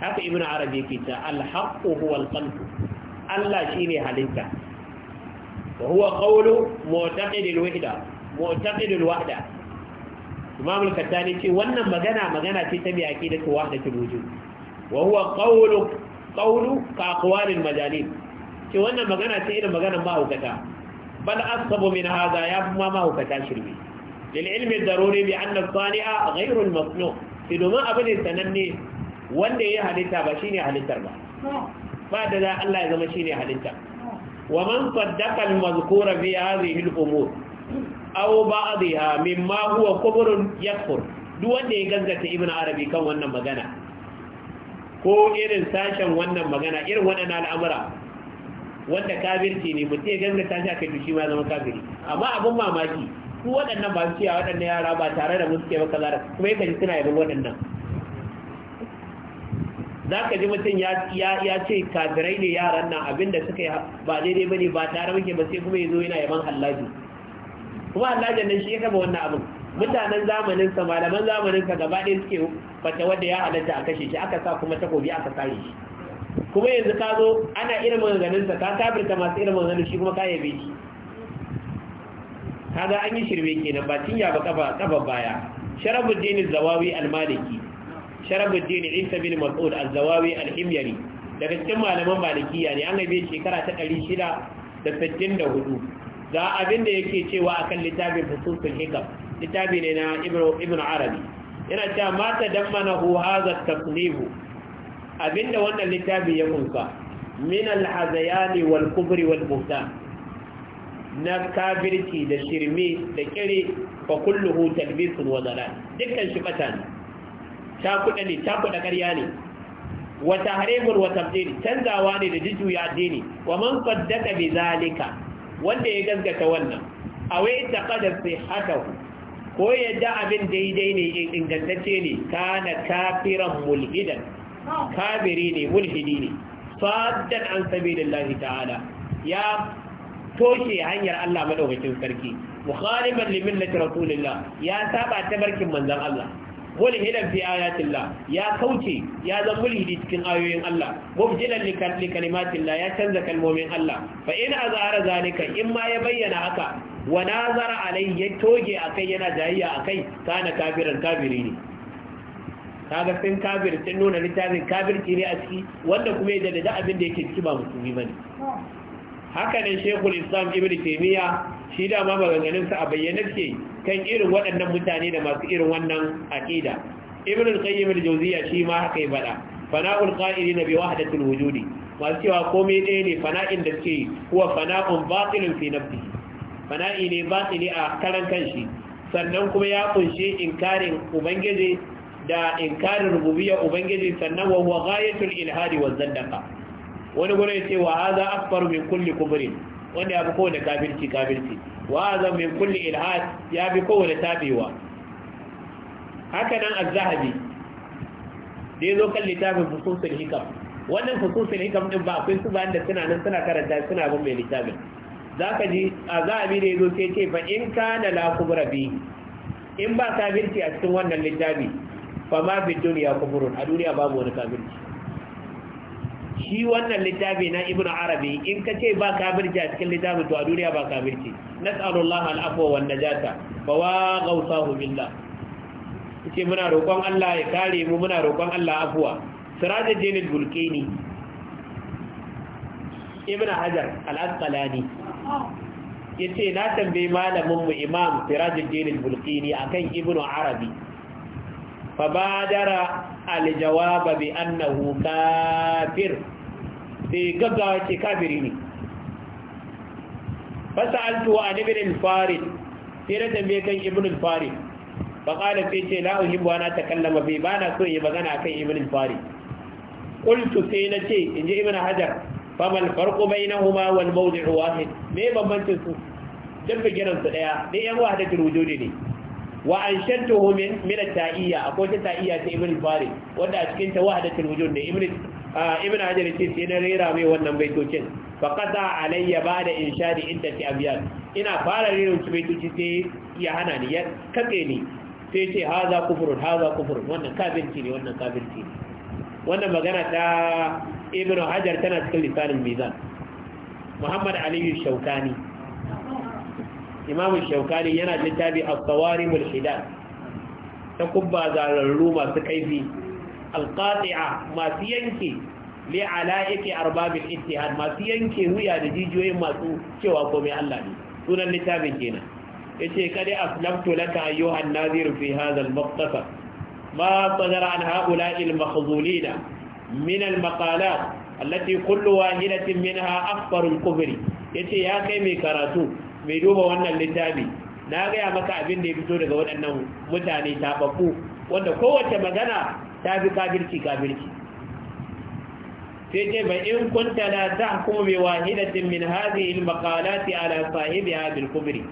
haka ibnu arabi yake ta al-haqqu huwa al-khalq Allah shine halitta wa huwa qawlu mu'taqidil wahda mu'taqidil wahda Imam al-Kattani ce wannan magana magana ce ta bi aqidatu wahdatul wujud wa huwa qawlu qawlu ka aqwalil majalil ce wannan magana ce irin maganar mahaukata bal asabu min hadha ya fi ma mahaukata shirme lil ilmi daruri bai anna sani'a ghayru al-masnu domin abu ne sananne wanda ya halitta ba shine halittar ba ba da za Allah ya zama shine halitta wa man saddaqa al-mazkura fi hadhihi al-umur aw ba'dha mimma huwa kubrun yakfur duk wanda ya gaskata ibn arabi kan wannan magana ko irin sashen wannan magana irin waɗannan al'amura wanda kafirci ne mutum ya gaskata shi aka shi ma zama kafiri amma abin mamaki su waɗannan ba su cewa waɗannan yara ba tare da musu ke ba kaza kuma ya kaji suna yabon waɗannan za ka ji mutum ya ce kafirai ne yaran nan abinda suka yi ba daidai ba ne ba tare muke ba sai kuma ya zo yana yaban hallaji kuma hallajin nan shi ya kama wannan abin mutanen zamanin sa malaman zamanin sa gaba ɗaya suke fata wanda ya halatta a kashe shi aka sa kuma takobi aka sare shi kuma yanzu ka zo ana irin maganganunsa ka kafirta masu irin maganganun shi kuma ka yabe shi kaga an yi shirme kenan ba cin ba kafa kafa baya sharabuddin zawawi al-maliki sharabuddin isa bin mas'ud al-zawawi al-himyari daga cikin malaman malikiya ne an haife shekara ta 664 ga abin da yake cewa akan littafin fususul hikam littafi ne na ibnu arabi yana cewa mata dammana hu hadha tasnifu abinda wannan littafi ya kunsa min al-hazayani wal kubri wal buhtan na kafirci da shirme da kire fa kulluhu talbisun wa dalal dukkan shi bata ne ta kuɗa ne ta kuɗa ƙarya ne wa tahribun wa tabdil canzawa ne da jujjuya addini wa man saddaka bi zalika wanda ya gaskata wannan awai sai haka. ko da abin daidai ne ingantacce ne kana kafiran mulhidan Kabiri ne mulhidi ne saddan an sabilillahi ta'ala ya toshe hanyar Allah madaukakin sarki mukhaliban li millati rasulillah ya saba barkin manzon Allah mulhidan fi ayatillah ya kauce ya zama mulhidi cikin ayoyin Allah mubjilan li kalimatillah ya canza kalmomin Allah fa in azara zalika in ma ya bayyana haka wa nazara alai ya toge akai yana jayayya akai kana kafiran kafiri ne kaga sun kabir, sun nuna littafin kafirci ne a ciki wanda kuma ya dada abin da yake ciki ba musulmi ne haka nan shekul islam ibn taimiyya shi da ma maganganun sa a bayyana ke kan irin waɗannan mutane da masu irin wannan aqida ibn al-qayyim al-jawziyya shi ma haka ya bada. fana'ul qa'ilin bi wahdatul wujudi masu cewa komai ɗaya ne fana'in da suke kuwa fana'un batilun fi nafsi fana'i ne batili a karan kanshi sannan kuma ya kunshi inkarin ubangiji da inkarin rububiyyar ubangiji sannan wa huwa ghayatul ilhadi wa zandaqa wani gure yace wa hadha akbar min kulli kubrin wanda yafi kowane kafirci kafirci wa hadha min kulli ilhad yafi kowane tabewa haka nan az-zahabi da yazo kan littafin fusul hikam wannan fusul hikam din ba akwai su ba da suna nan suna karanta suna bin mai littafin zaka ji az-zahabi da yazo sai ce fa in kana la kubra bi in ba kafirci a cikin wannan littafi fama fi duniya kufurun a duniya babu wani kafirci shi wannan littafi na ibn arabi in ka ce ba kafirci a cikin littafin to a duniya ba kafirci nas'alullahi al'afwa wan najata fa wa ghawsahu billah ce muna roƙon Allah ya kare mu muna roƙon Allah afuwa sirajaddin al-bulkini ibn hajar al-asqalani yace na tambaye malamin mu imam sirajaddin al-bulkini akan ibn arabi fabadara aljawaba bi annahu kafir sai gaggawa ce kafiri ne fasaltu an ibn al-farid sai da tambaye kan ibn al-farid fa qala sai ce la uhibbu an atakallama bi bana so yi magana akan ibn al-farid qultu sai na ce in inji ibn hajar fa mal farqu bainahuma wal mawdi'u wahid me bambancin su dukkan gidan su daya ne yan wahdatul wujudi ne wa an shaddahu min min taiyya akwai ta ta'iyya ta ibn bari wanda a cikin ta wahdatul wujud ne ibn ibn hajar ce sai na rera mai wannan baitocin fa qata alayya ba'da inshadi inda ti abyan ina fara rera su baitoci sai ya hana ni ya katse ni sai ce haza kufurun haza kufurun wannan kafirci ne wannan kafirci ne wannan magana ta ibn hajar tana cikin lisanin mizan muhammad aliyu shaukani imamu shaukani yana littafi a tsawari mulhida ta kubba zararru masu kaifi al-qati'a masu yanke li ala'iki arbabil ittihad masu yanke wuya da jijiyoyin masu cewa komai Allah ne sunan littafin kenan yace kadai aslamtu laka ayyuhan nazir fi hadha al-muqtasar ma sadara an ha'ula'i al min al allati kullu wahidatin minha akbar al yace ya kai mai karatu mai duba wannan littafi na gaya maka abin da ya fito daga waɗannan mutane tafafu wanda kowace magana ta fi kafirci kafirci sai ce ba in kunta ta, kuma mai wahidatin min makalati al-maqalati ala sahibiha bil kubri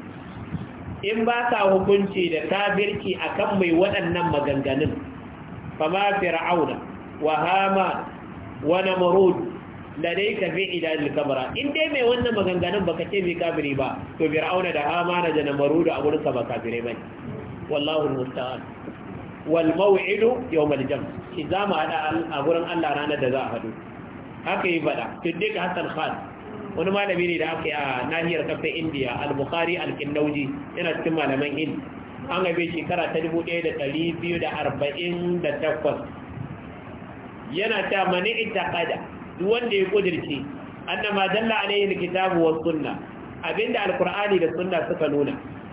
in ba ka hukunci da kafirci kan mai waɗannan maganganun fama fir'auna wa hama wa namrud da dai ka fi idanun kamara, in dai mai wannan maganganun baka ce mai kafiri ba to fir'auna da hamana da namaru da abun ka ba kafire bane wallahu musta'an wal maw'idu yawm aljam shi za mu hada a gurin Allah ranar da za a hadu haka yi bada tuddik hasan khan wani malami ne da aka yi a nahiyar kafa indiya al-bukhari al-kinnauji yana cikin malaman hind an gabe shekara ta 1248 yana ta mani ita kada duk wanda ya kudirce annama dalla alayhi alkitabu was sunna abinda alqur'ani da sunna suka nuna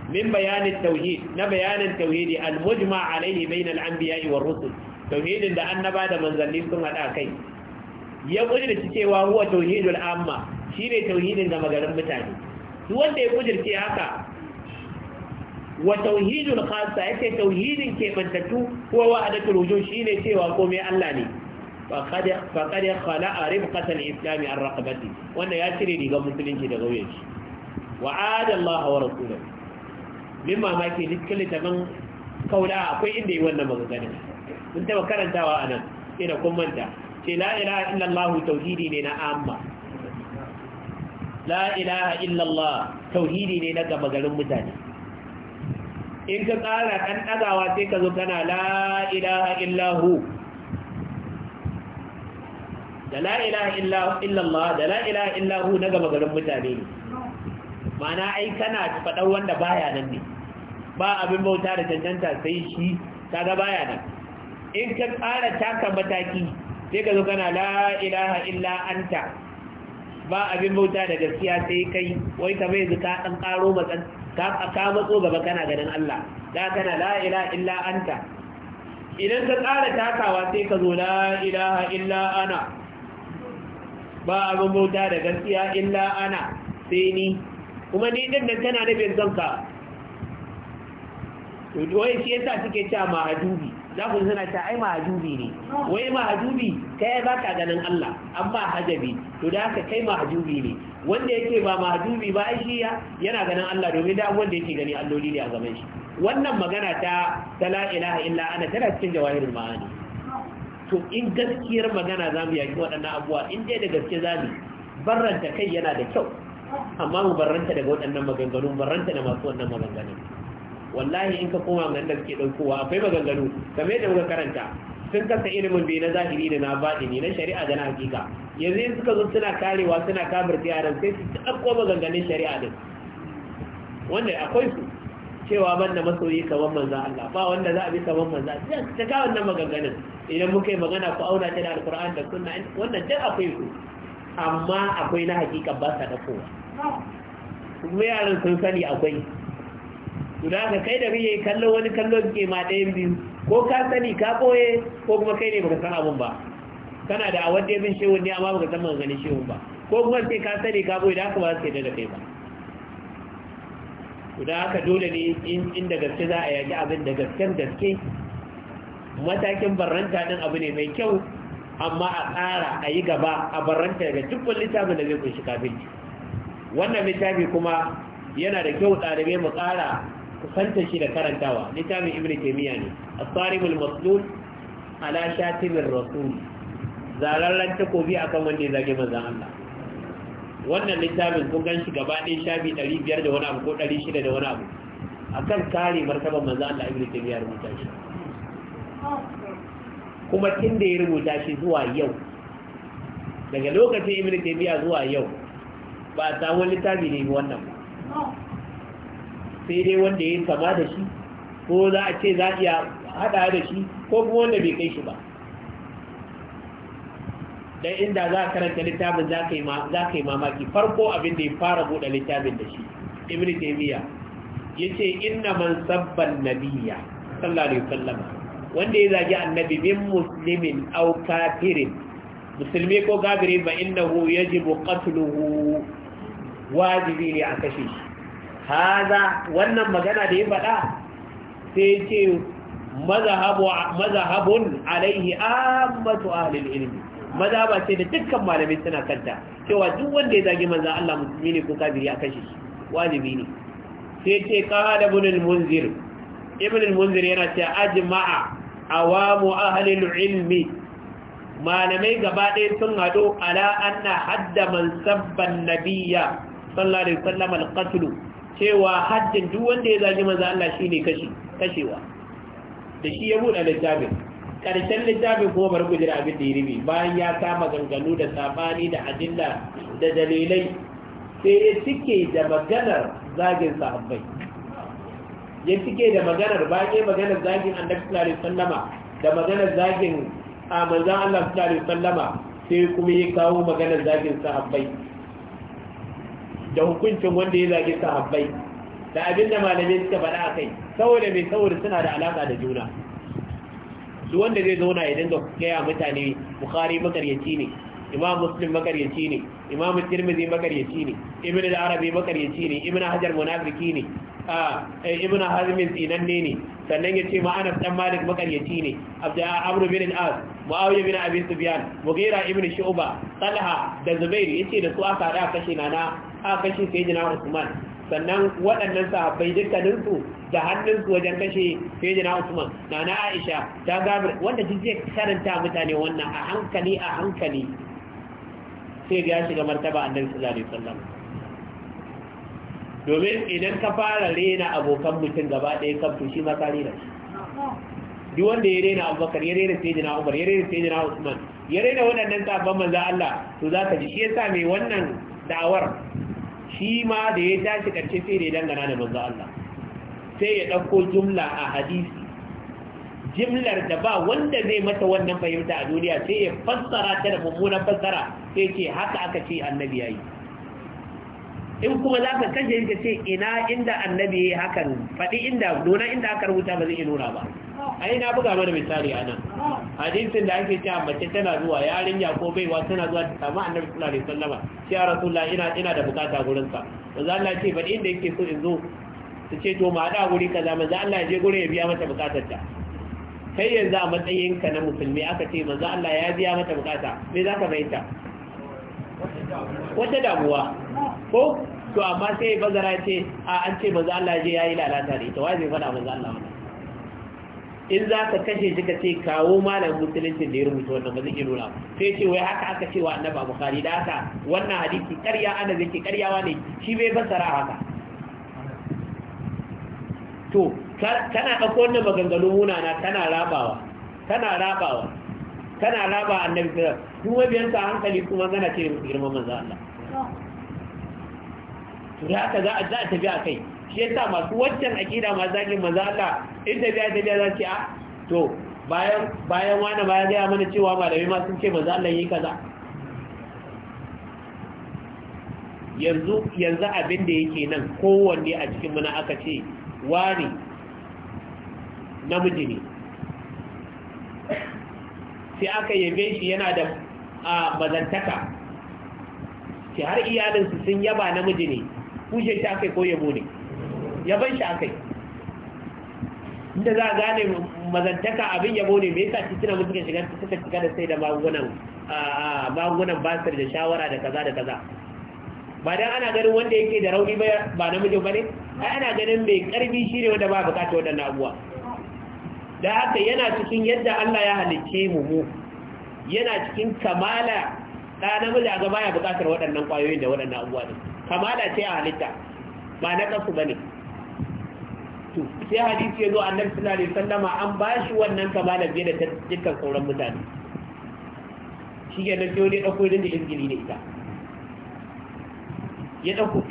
min bayanin tauhid na bayanin tauhidi almujma alayhi bain al-anbiya'i war rusul tauhidin da annaba da manzanni sun hada kai ya kudirce cewa huwa tauhidul amma shine tauhidin da magarin mutane duk wanda ya kudirce haka wa tauhidul khassa yake tauhidin ke bantatu ko wa'adatul wujud shine cewa komai Allah ne faƙad ya khala a rifƙatar islami an raƙabati wanda ya cire rigar musulunci daga wuyan shi wa adallah wa rasulun min mamaki dukkan littafin kaula akwai inda yi wannan maganganin mun taɓa karantawa a nan sai da kun manta ce la'ilaha illallah tauhidi ne na amma La'ilaha illallah tauhidi ne na gaba garin mutane in ka ƙara ɗan ɗagawa sai ka zo kana la illahu da la ilaha illallah da la na gaba garin mutane ne ma'ana ai kana faɗar wanda baya nan ne ba abin bauta da cancanta sai shi kaga baya nan in ka tsara taka mataki sai ka zo kana la ilaha illa anta ba abin bauta da gaskiya sai kai wai ka bai zuka ɗan ƙaro matsan ka matso gaba kana ganin Allah da kana la ilaha illa anta idan ka tsara takawa sai ka zo la illa ana ba abin bauta da gaskiya illa ana sai ni kuma ni din nan tana nufin To wai shi yasa suke cewa mahajubi za ku suna ta ai mahajubi ne wai mahajubi kai ba ka ganin Allah amma hajabi to da haka kai mahajubi ne wanda yake ba mahajubi ba shi yana ganin Allah domin da wanda yake gani alloli ne a gaban shi wannan magana ta ta la ilaha illa ana tana cikin jawahirul ma'ani to in gaskiyar magana za mu yaki waɗannan abuwa in dai da gaske za mu barranta kai yana da kyau amma mu barranta daga waɗannan maganganu barranta da masu wannan maganganu wallahi in ka koma ga da suke ɗaukowa akwai maganganu game da muka karanta sun kasa ilimin bai na zahiri da na baɗi, ne na shari'a da na hakika yanzu in suka zo suna karewa suna kabar yaran sai su ɗauko maganganun shari'a din wanda akwai su cewa ban da masoyi kaman manzan Allah ba wanda za a bi kaman manzan Allah ta ga wannan maganganun idan muka yi magana ku auna ta da alkur'an da sunna wannan duk akwai su amma akwai na hakika ba sa da kowa kuma yaran sun sani akwai da ka kai da kake kallon wani kallon ke ma ɗayan biyu ko ka sani ka ɓoye ko kuma kai ne baka san abun ba kana da awar da bin shehu ne amma baka san maganganun shehu ba ko kuma sai ka sani ka ɓoye da haka ba za su da kai ba Guda haka dole ne in da gaske za a yaki abin da gasken gaske matakin barranta ɗin abu ne mai kyau amma a ƙara a yi gaba a barranta daga dukkan littafin da zai kunshi kafin wannan littafi kuma yana da kyau ɗalibai mu ƙara kusanta shi da karantawa littafin ibn taymiya ne as-sarimul maslul ala shatimir rasul zararren takobi akan wanda ya zage manzon Allah wannan littafin kun gan shi gaba ɗaya shafi ɗari biyar da wani abu ko ɗari shida da wani abu a kan kare martaban manzo Allah ibn Taymiyyah rubuta shi kuma tun da ya rubuta shi zuwa yau daga lokacin ibn Taymiyyah zuwa yau ba a samu littafi ne wannan ba sai dai wanda ya sama da shi ko za a ce za a iya hada da shi ko kuma wanda bai kai shi ba dan inda za ka karanta littafin za ka yi mamaki farko abin da ya fara buɗe littafin da shi ibn taymiya yace inna man sabban nabiyya sallallahu alaihi wasallam wanda ya zagi annabi min muslimin aw kafirin musulmi ko kafiri fa innahu yajibu qatluhu wajibi ne a kashe shi wannan magana da ya faɗa sai ce mazhabun alaihi ammatu ahlil ilmi maza ba ce da dukkan malamai suna kanta cewa duk wanda ya zagi manzan Allah musulmi ne ko kafiri a kashe shi wajibi ne sai ce qala ibn al-munzir ibn al-munzir yana cewa ajma'a awamu ahli al-ilmi malamai gaba ɗaya sun hado ala anna hadda man sabba nabiyya sallallahu alaihi wasallam al-qatl cewa haddin duk wanda ya zagi manzan Allah shine kashi kashewa da shi ya da littafin karshen littafin kuma bari ku abin da ya bayan ya kama ganganu da sabani da adilla da dalilai sai ya cike da maganar zagin sahabbai ya cike da maganar bayan maganar zagin annabi sallallahu alaihi wasallama da maganar zagin a manzan Allah sallallahu alaihi wasallama sai kuma ya kawo maganar zagin sahabbai da hukuncin wanda ya zagi sahabbai da abin da malamai suka faɗa a kai saboda mai saboda suna da alaƙa da juna Su wanda zai zauna ya dinga gaya mutane bukhari makaryaci ne imam muslim makaryaci ne imam tirmidhi makaryaci ne ibn al-arabi makaryaci ne ibn hajar munafiki ne a eh, ibn hazm tsinanne ne sannan yace ce anas dan malik makaryaci ne abda amr bin al-as muawiya bin abi sufyan mughira ibn shu'ba talha da zubair yace da su aka a kashe na a kashe sayyidina usman sannan waɗannan sahabbai dukkaninsu da hannunsu wajen kashe fejina usman na na aisha ta gabar wanda ji zai karanta mutane wannan a hankali a hankali sai ya shiga martaba annabi sallallahu alaihi wasallam domin idan ka fara rena abokan mutum gaba ɗaya kan shi ma ka rena shi duk wanda ya rena abubakar ya rena na umar ya rena na usman ya rena waɗannan sahabban manzo Allah to za ka ji shi yasa mai wannan da'awar shi ma da ya tashi karshe sai da ya dangana da manzo Allah sai ya ɗauko jumla a hadisi jimlar da ba wanda zai mata wannan fahimta a duniya sai ya fassara ta da mummunan fassara sai ce haka aka ce annabi yayi in kuma za ka kashe ka ce ina inda annabi ya hakan faɗi inda nuna inda aka rubuta ba zai nuna ba a yi na buga mana misali a nan hadisin da ake cewa mace tana zuwa yarinya ko baiwa tana zuwa ta samu annabi sallallahu alaihi wasallama shi ya rasulullah ina ina da bukata gurin ka manzo Allah ce faɗi inda yake so in zo su ce to ma da guri kaza manzo Allah ya je gurin ya biya mata bukatar ta kai yanzu a matsayinka na musulmi aka ce manzo Allah ya biya mata bukata me zaka bayyana wata damuwa ko to amma sai bazara ce a an ce maza Allah je yi lalata da ita waje fada maza Allah wani in za ka kashe shi ka ce kawo malam musulunci da ya rubuta wannan ba zai nuna sai ce wai haka aka ce wa annaba bukhari da haka wannan hadisi karya ana zai karyawa ne shi bai basara haka to kana ɗauko wannan maganganu munana kana rabawa kana rabawa kana raba annabi sallallahu alaihi biyan sa hankali kuma gana ce musu girman manzo Allah to da haka za a za a tafi a kai shi yasa masu waccan akida ma zagin manzo Allah in tafiya tafiya za ki a to bayan bayan wani ya mana cewa malami ma sun ce manzo Allah yi kaza yanzu yanzu abin da yake nan kowanne a cikin muna aka ce wani namiji ne sai aka yabe shi yana da mazantaka shi har iyalinsu sun yaba namiji ne kushe shi akai ko yabo ne yaban shi akai inda za a gane mazantaka abin yabo ne mai sa titina mutum shiga suka shiga da sai da magungunan basir da shawara da kaza da kaza ba dan ana ganin wanda yake da rauni ba namijin ba ne ai ana ganin mai karfi shi ne wanda ba bukata waɗannan abubuwa da haka yana cikin yadda Allah ya halicce mu mu yana cikin kamala da namiji a gaba ya bukatar waɗannan ƙwayoyin da waɗannan abuwa ne kamala ce a halitta ba na kasu bane to sai hadisi ya zo annabi sallallahu alaihi wasallama an bashi wannan kamala biyar da dukkan sauran mutane shi ke nan sai ɗauko irin da izgili ne ita ya ɗauko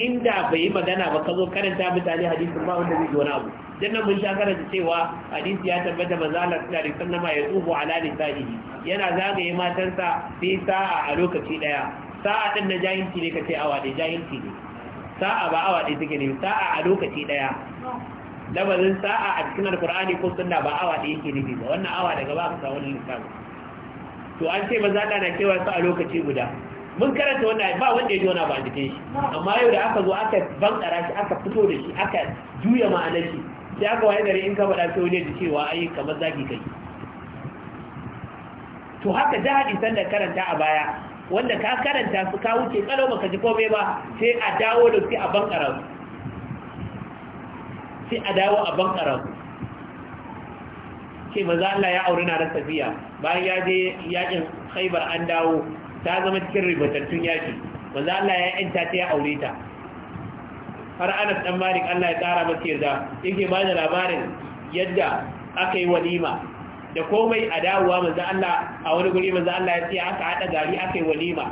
inda bai yi magana ba ka zo karanta mutane hadisin ba wanda zai ji wani abu dan nan mun sha da cewa hadisi ya tabbata manzo Allah sallallahu sannan wasallam ya tsubu ala lisanihi yana zagaye matansa sai sa'a a lokaci daya sa'a din na jahilci ne kace awa ɗaya jahilci ne sa'a ba awa da take ne sa'a a lokaci daya labarin sa'a a cikin alqur'ani ko sunna ba awa ɗaya yake nufi ba wannan awa daga ba ka sa wani lissafi to an ce maza na cewa su a lokaci guda mun karanta wannan ba wanda ya ji wani abu a jikin shi amma yau da aka zo aka bankara shi aka fito da shi aka juya ma'anar shi sai aka waye gari in ka faɗa sai da cewa, cewa ai kamar zagi kai to haka haɗi sanda karanta a baya wanda ka karanta su ka wuce tsalo baka ji komai ba sai a dawo da su a bankara sai a dawo a bankara Ke maza Allah ya auri na rasa biya bayan ya je yakin khaibar an dawo ta zama cikin ribatattun yaki maza Allah ya ta ya aure ta har anas dan malik Allah ya tsara masa yarda yake bada labarin yadda aka yi walima da komai a dawowa manzo Allah a wani guri manzo Allah ya ce aka hada gari aka yi walima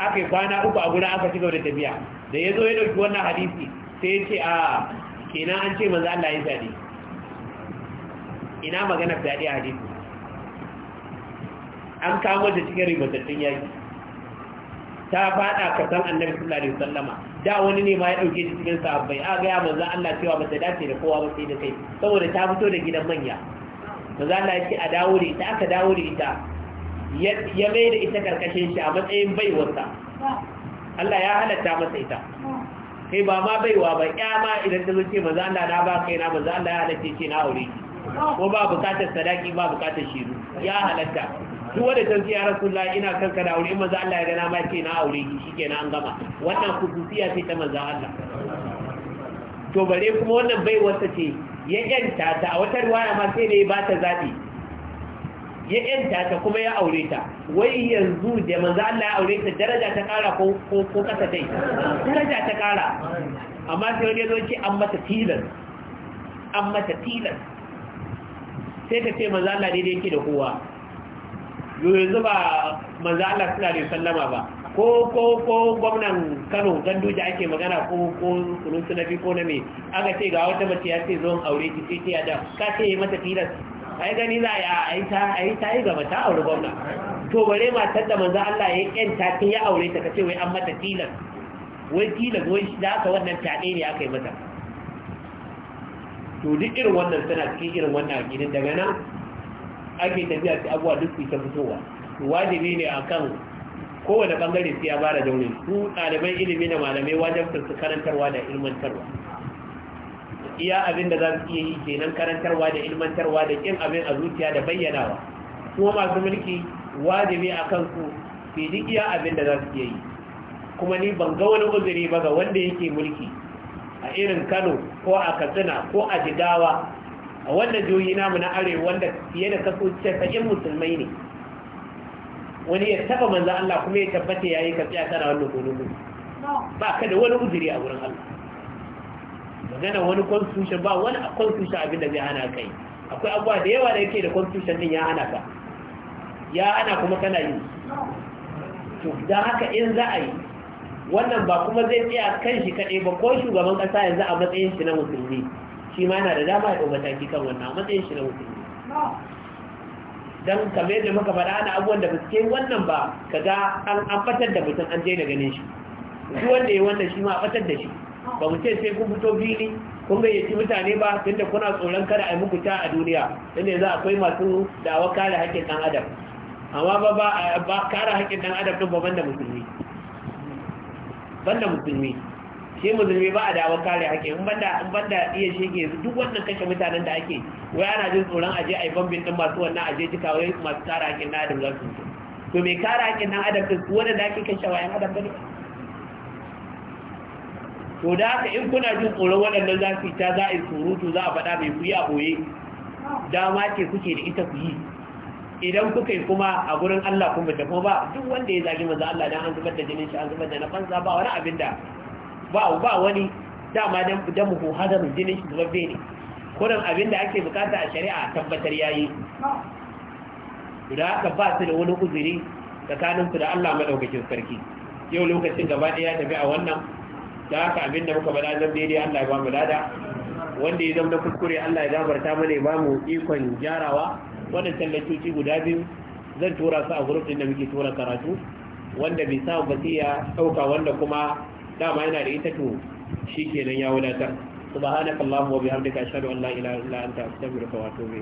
aka yi kwana uku a gurin aka gaba da tafiya da ya zo ya dauki wannan hadisi sai ya ce a kenan an ce manzo Allah ya sadi ina magana da a hadisi an kawo da cikin ribatattun yayi ta fada ka san annabi sallallahu alaihi wasallama da wani ne ma ya dauke shi cikin sahabbai a ga ya manzo Allah cewa ba ta dace da kowa ba sai da kai saboda ta fito da gidan manya manzo Allah ya ce a dawo da ita aka dawo da ita ya mai da ita karkashin shi a matsayin baiwarsa Allah ya halatta masa ita kai ba ma baiwa ba ya ma idan ta zuce manzo Allah na ba kai na manzo Allah ya halatta ce na aure ko ba bukatar sadaki ba bukatar shiru ya halatta duk wanda ta ce ya rasulullah ina kan ka da aure manzo Allah ya gana ma ce na aure ki shikenan an gama wannan kudusiya ce ta manzo Allah to bare kuma wannan bai wata ce ya yanta ta a wata riwaya ma sai ne ba ta zabi ya yanta ta kuma ya aure ta wai yanzu da manzo Allah ya aure ta daraja ta kara ko ko kasa dai daraja ta kara amma sai wani zo ce an mata tilan an mata tilan sai ta ce manzo Allah daidai yake da kowa yanzu ba manzo Allah sallallahu alaihi wasallama ba ko ko ko gwamnan Kano Ganduje ake magana ko ko na biyu ko na me aka ce ga wata mace ya ce zo aure ki ce ta da ka ce mata tilas ai gani za ya ai ta ai ta yi gaba ta aure gwamna to bare matar da manzo Allah ya kenta ta ya aure ta kace wai an mata tilas wai tilas wai shi da aka wannan tade ne aka yi mata to duk irin wannan tana cikin irin wannan akidin daga nan ake tafiya sai abuwa duk su ta fitowa wajibi ne akan kowane bangare sai ya bara daure su ɗaliban ilimi da malamai wajabta su karantarwa da ilmantarwa iya abin da za su iya yi kenan karantarwa da ilmantarwa da kin abin a zuciya da bayyanawa kuma masu mulki wajibi a kansu su yi iya abin da za su iya yi kuma ni ban ga wani uzuri ba ga wanda yake mulki a irin kano ko a katsina ko a jigawa a wannan jihohi namu na arewa wanda fiye da kaso 90 musulmai ne wani ya taba manzo Allah kuma ya tabbata yayi ka tsaya kana wannan gulu ba ka da wani uzuri a wurin Allah magana wani constitution ba wani constitution abin da zai hana kai akwai abuwa da yawa da yake da constitution din ya hana ka ya hana kuma kana yi to da haka in za a yi wannan ba kuma zai tsaya kan shi kaɗai ba ko shugaban ƙasa yanzu a matsayin shi na musulmi shi ma yana da dama ya ɗauka taki kan wannan a matsayin shi na musulmi don kamar yadda muka faɗa ana abubuwan da ba wannan ba ka ga an ɓatar da mutum an daina ganin shi shi wanda ya wannan shi ma a fatar da shi ba mu ce sai kun fito fili kun gayyaci mutane ba da kuna tsoron kada a yi muku ta a duniya tunda yanzu akwai masu dawa kare haƙƙin ɗan adam amma ba ba kare haƙƙin ɗan adam ɗin ba banda musulmi banda musulmi shi musulmi ba a dawo kare hake in banda in banda iya shege duk wannan kashe mutanen da ake wai ana jin tsoron aje yi bambin din masu wannan aje ji wai masu kare hake na adam zan su to mai kare hake nan adam din su wanda da ake kashe wayan adam bane to da haka in kuna jin tsoron waɗannan za su yi ta za a yi surutu za a faɗa mai kuyi a ɓoye dama ce kuke da ita ku yi idan kuka yi kuma a gurin Allah kuma bata kuma ba duk wanda ya zagi maza Allah dan an zubar da jinin shi an zubar da na fansa ba wani abin da ba wani dama dan mu hadamin jinin shi zubabbe ne abin da ake bukata a shari'a tabbatar yayi da haka ba da wani uzuri tsakanin su da Allah madaukakin sarki yau lokacin gaba ɗaya ya tafi a wannan da haka abin da muka bada zan daidai Allah ya ba mu lada wanda ya zama kuskure Allah ya gafarta mana ya ba mu ikon gyarawa wannan tallacoci guda biyu zan tura su a guruf din da muke tura karatu wanda bai sa ba ya ɗauka wanda kuma dama yana da ita to shikenan ya wadatar subhanakallahumma wa bihamdika ashhadu an la ilaha illa anta astaghfiruka wa atubu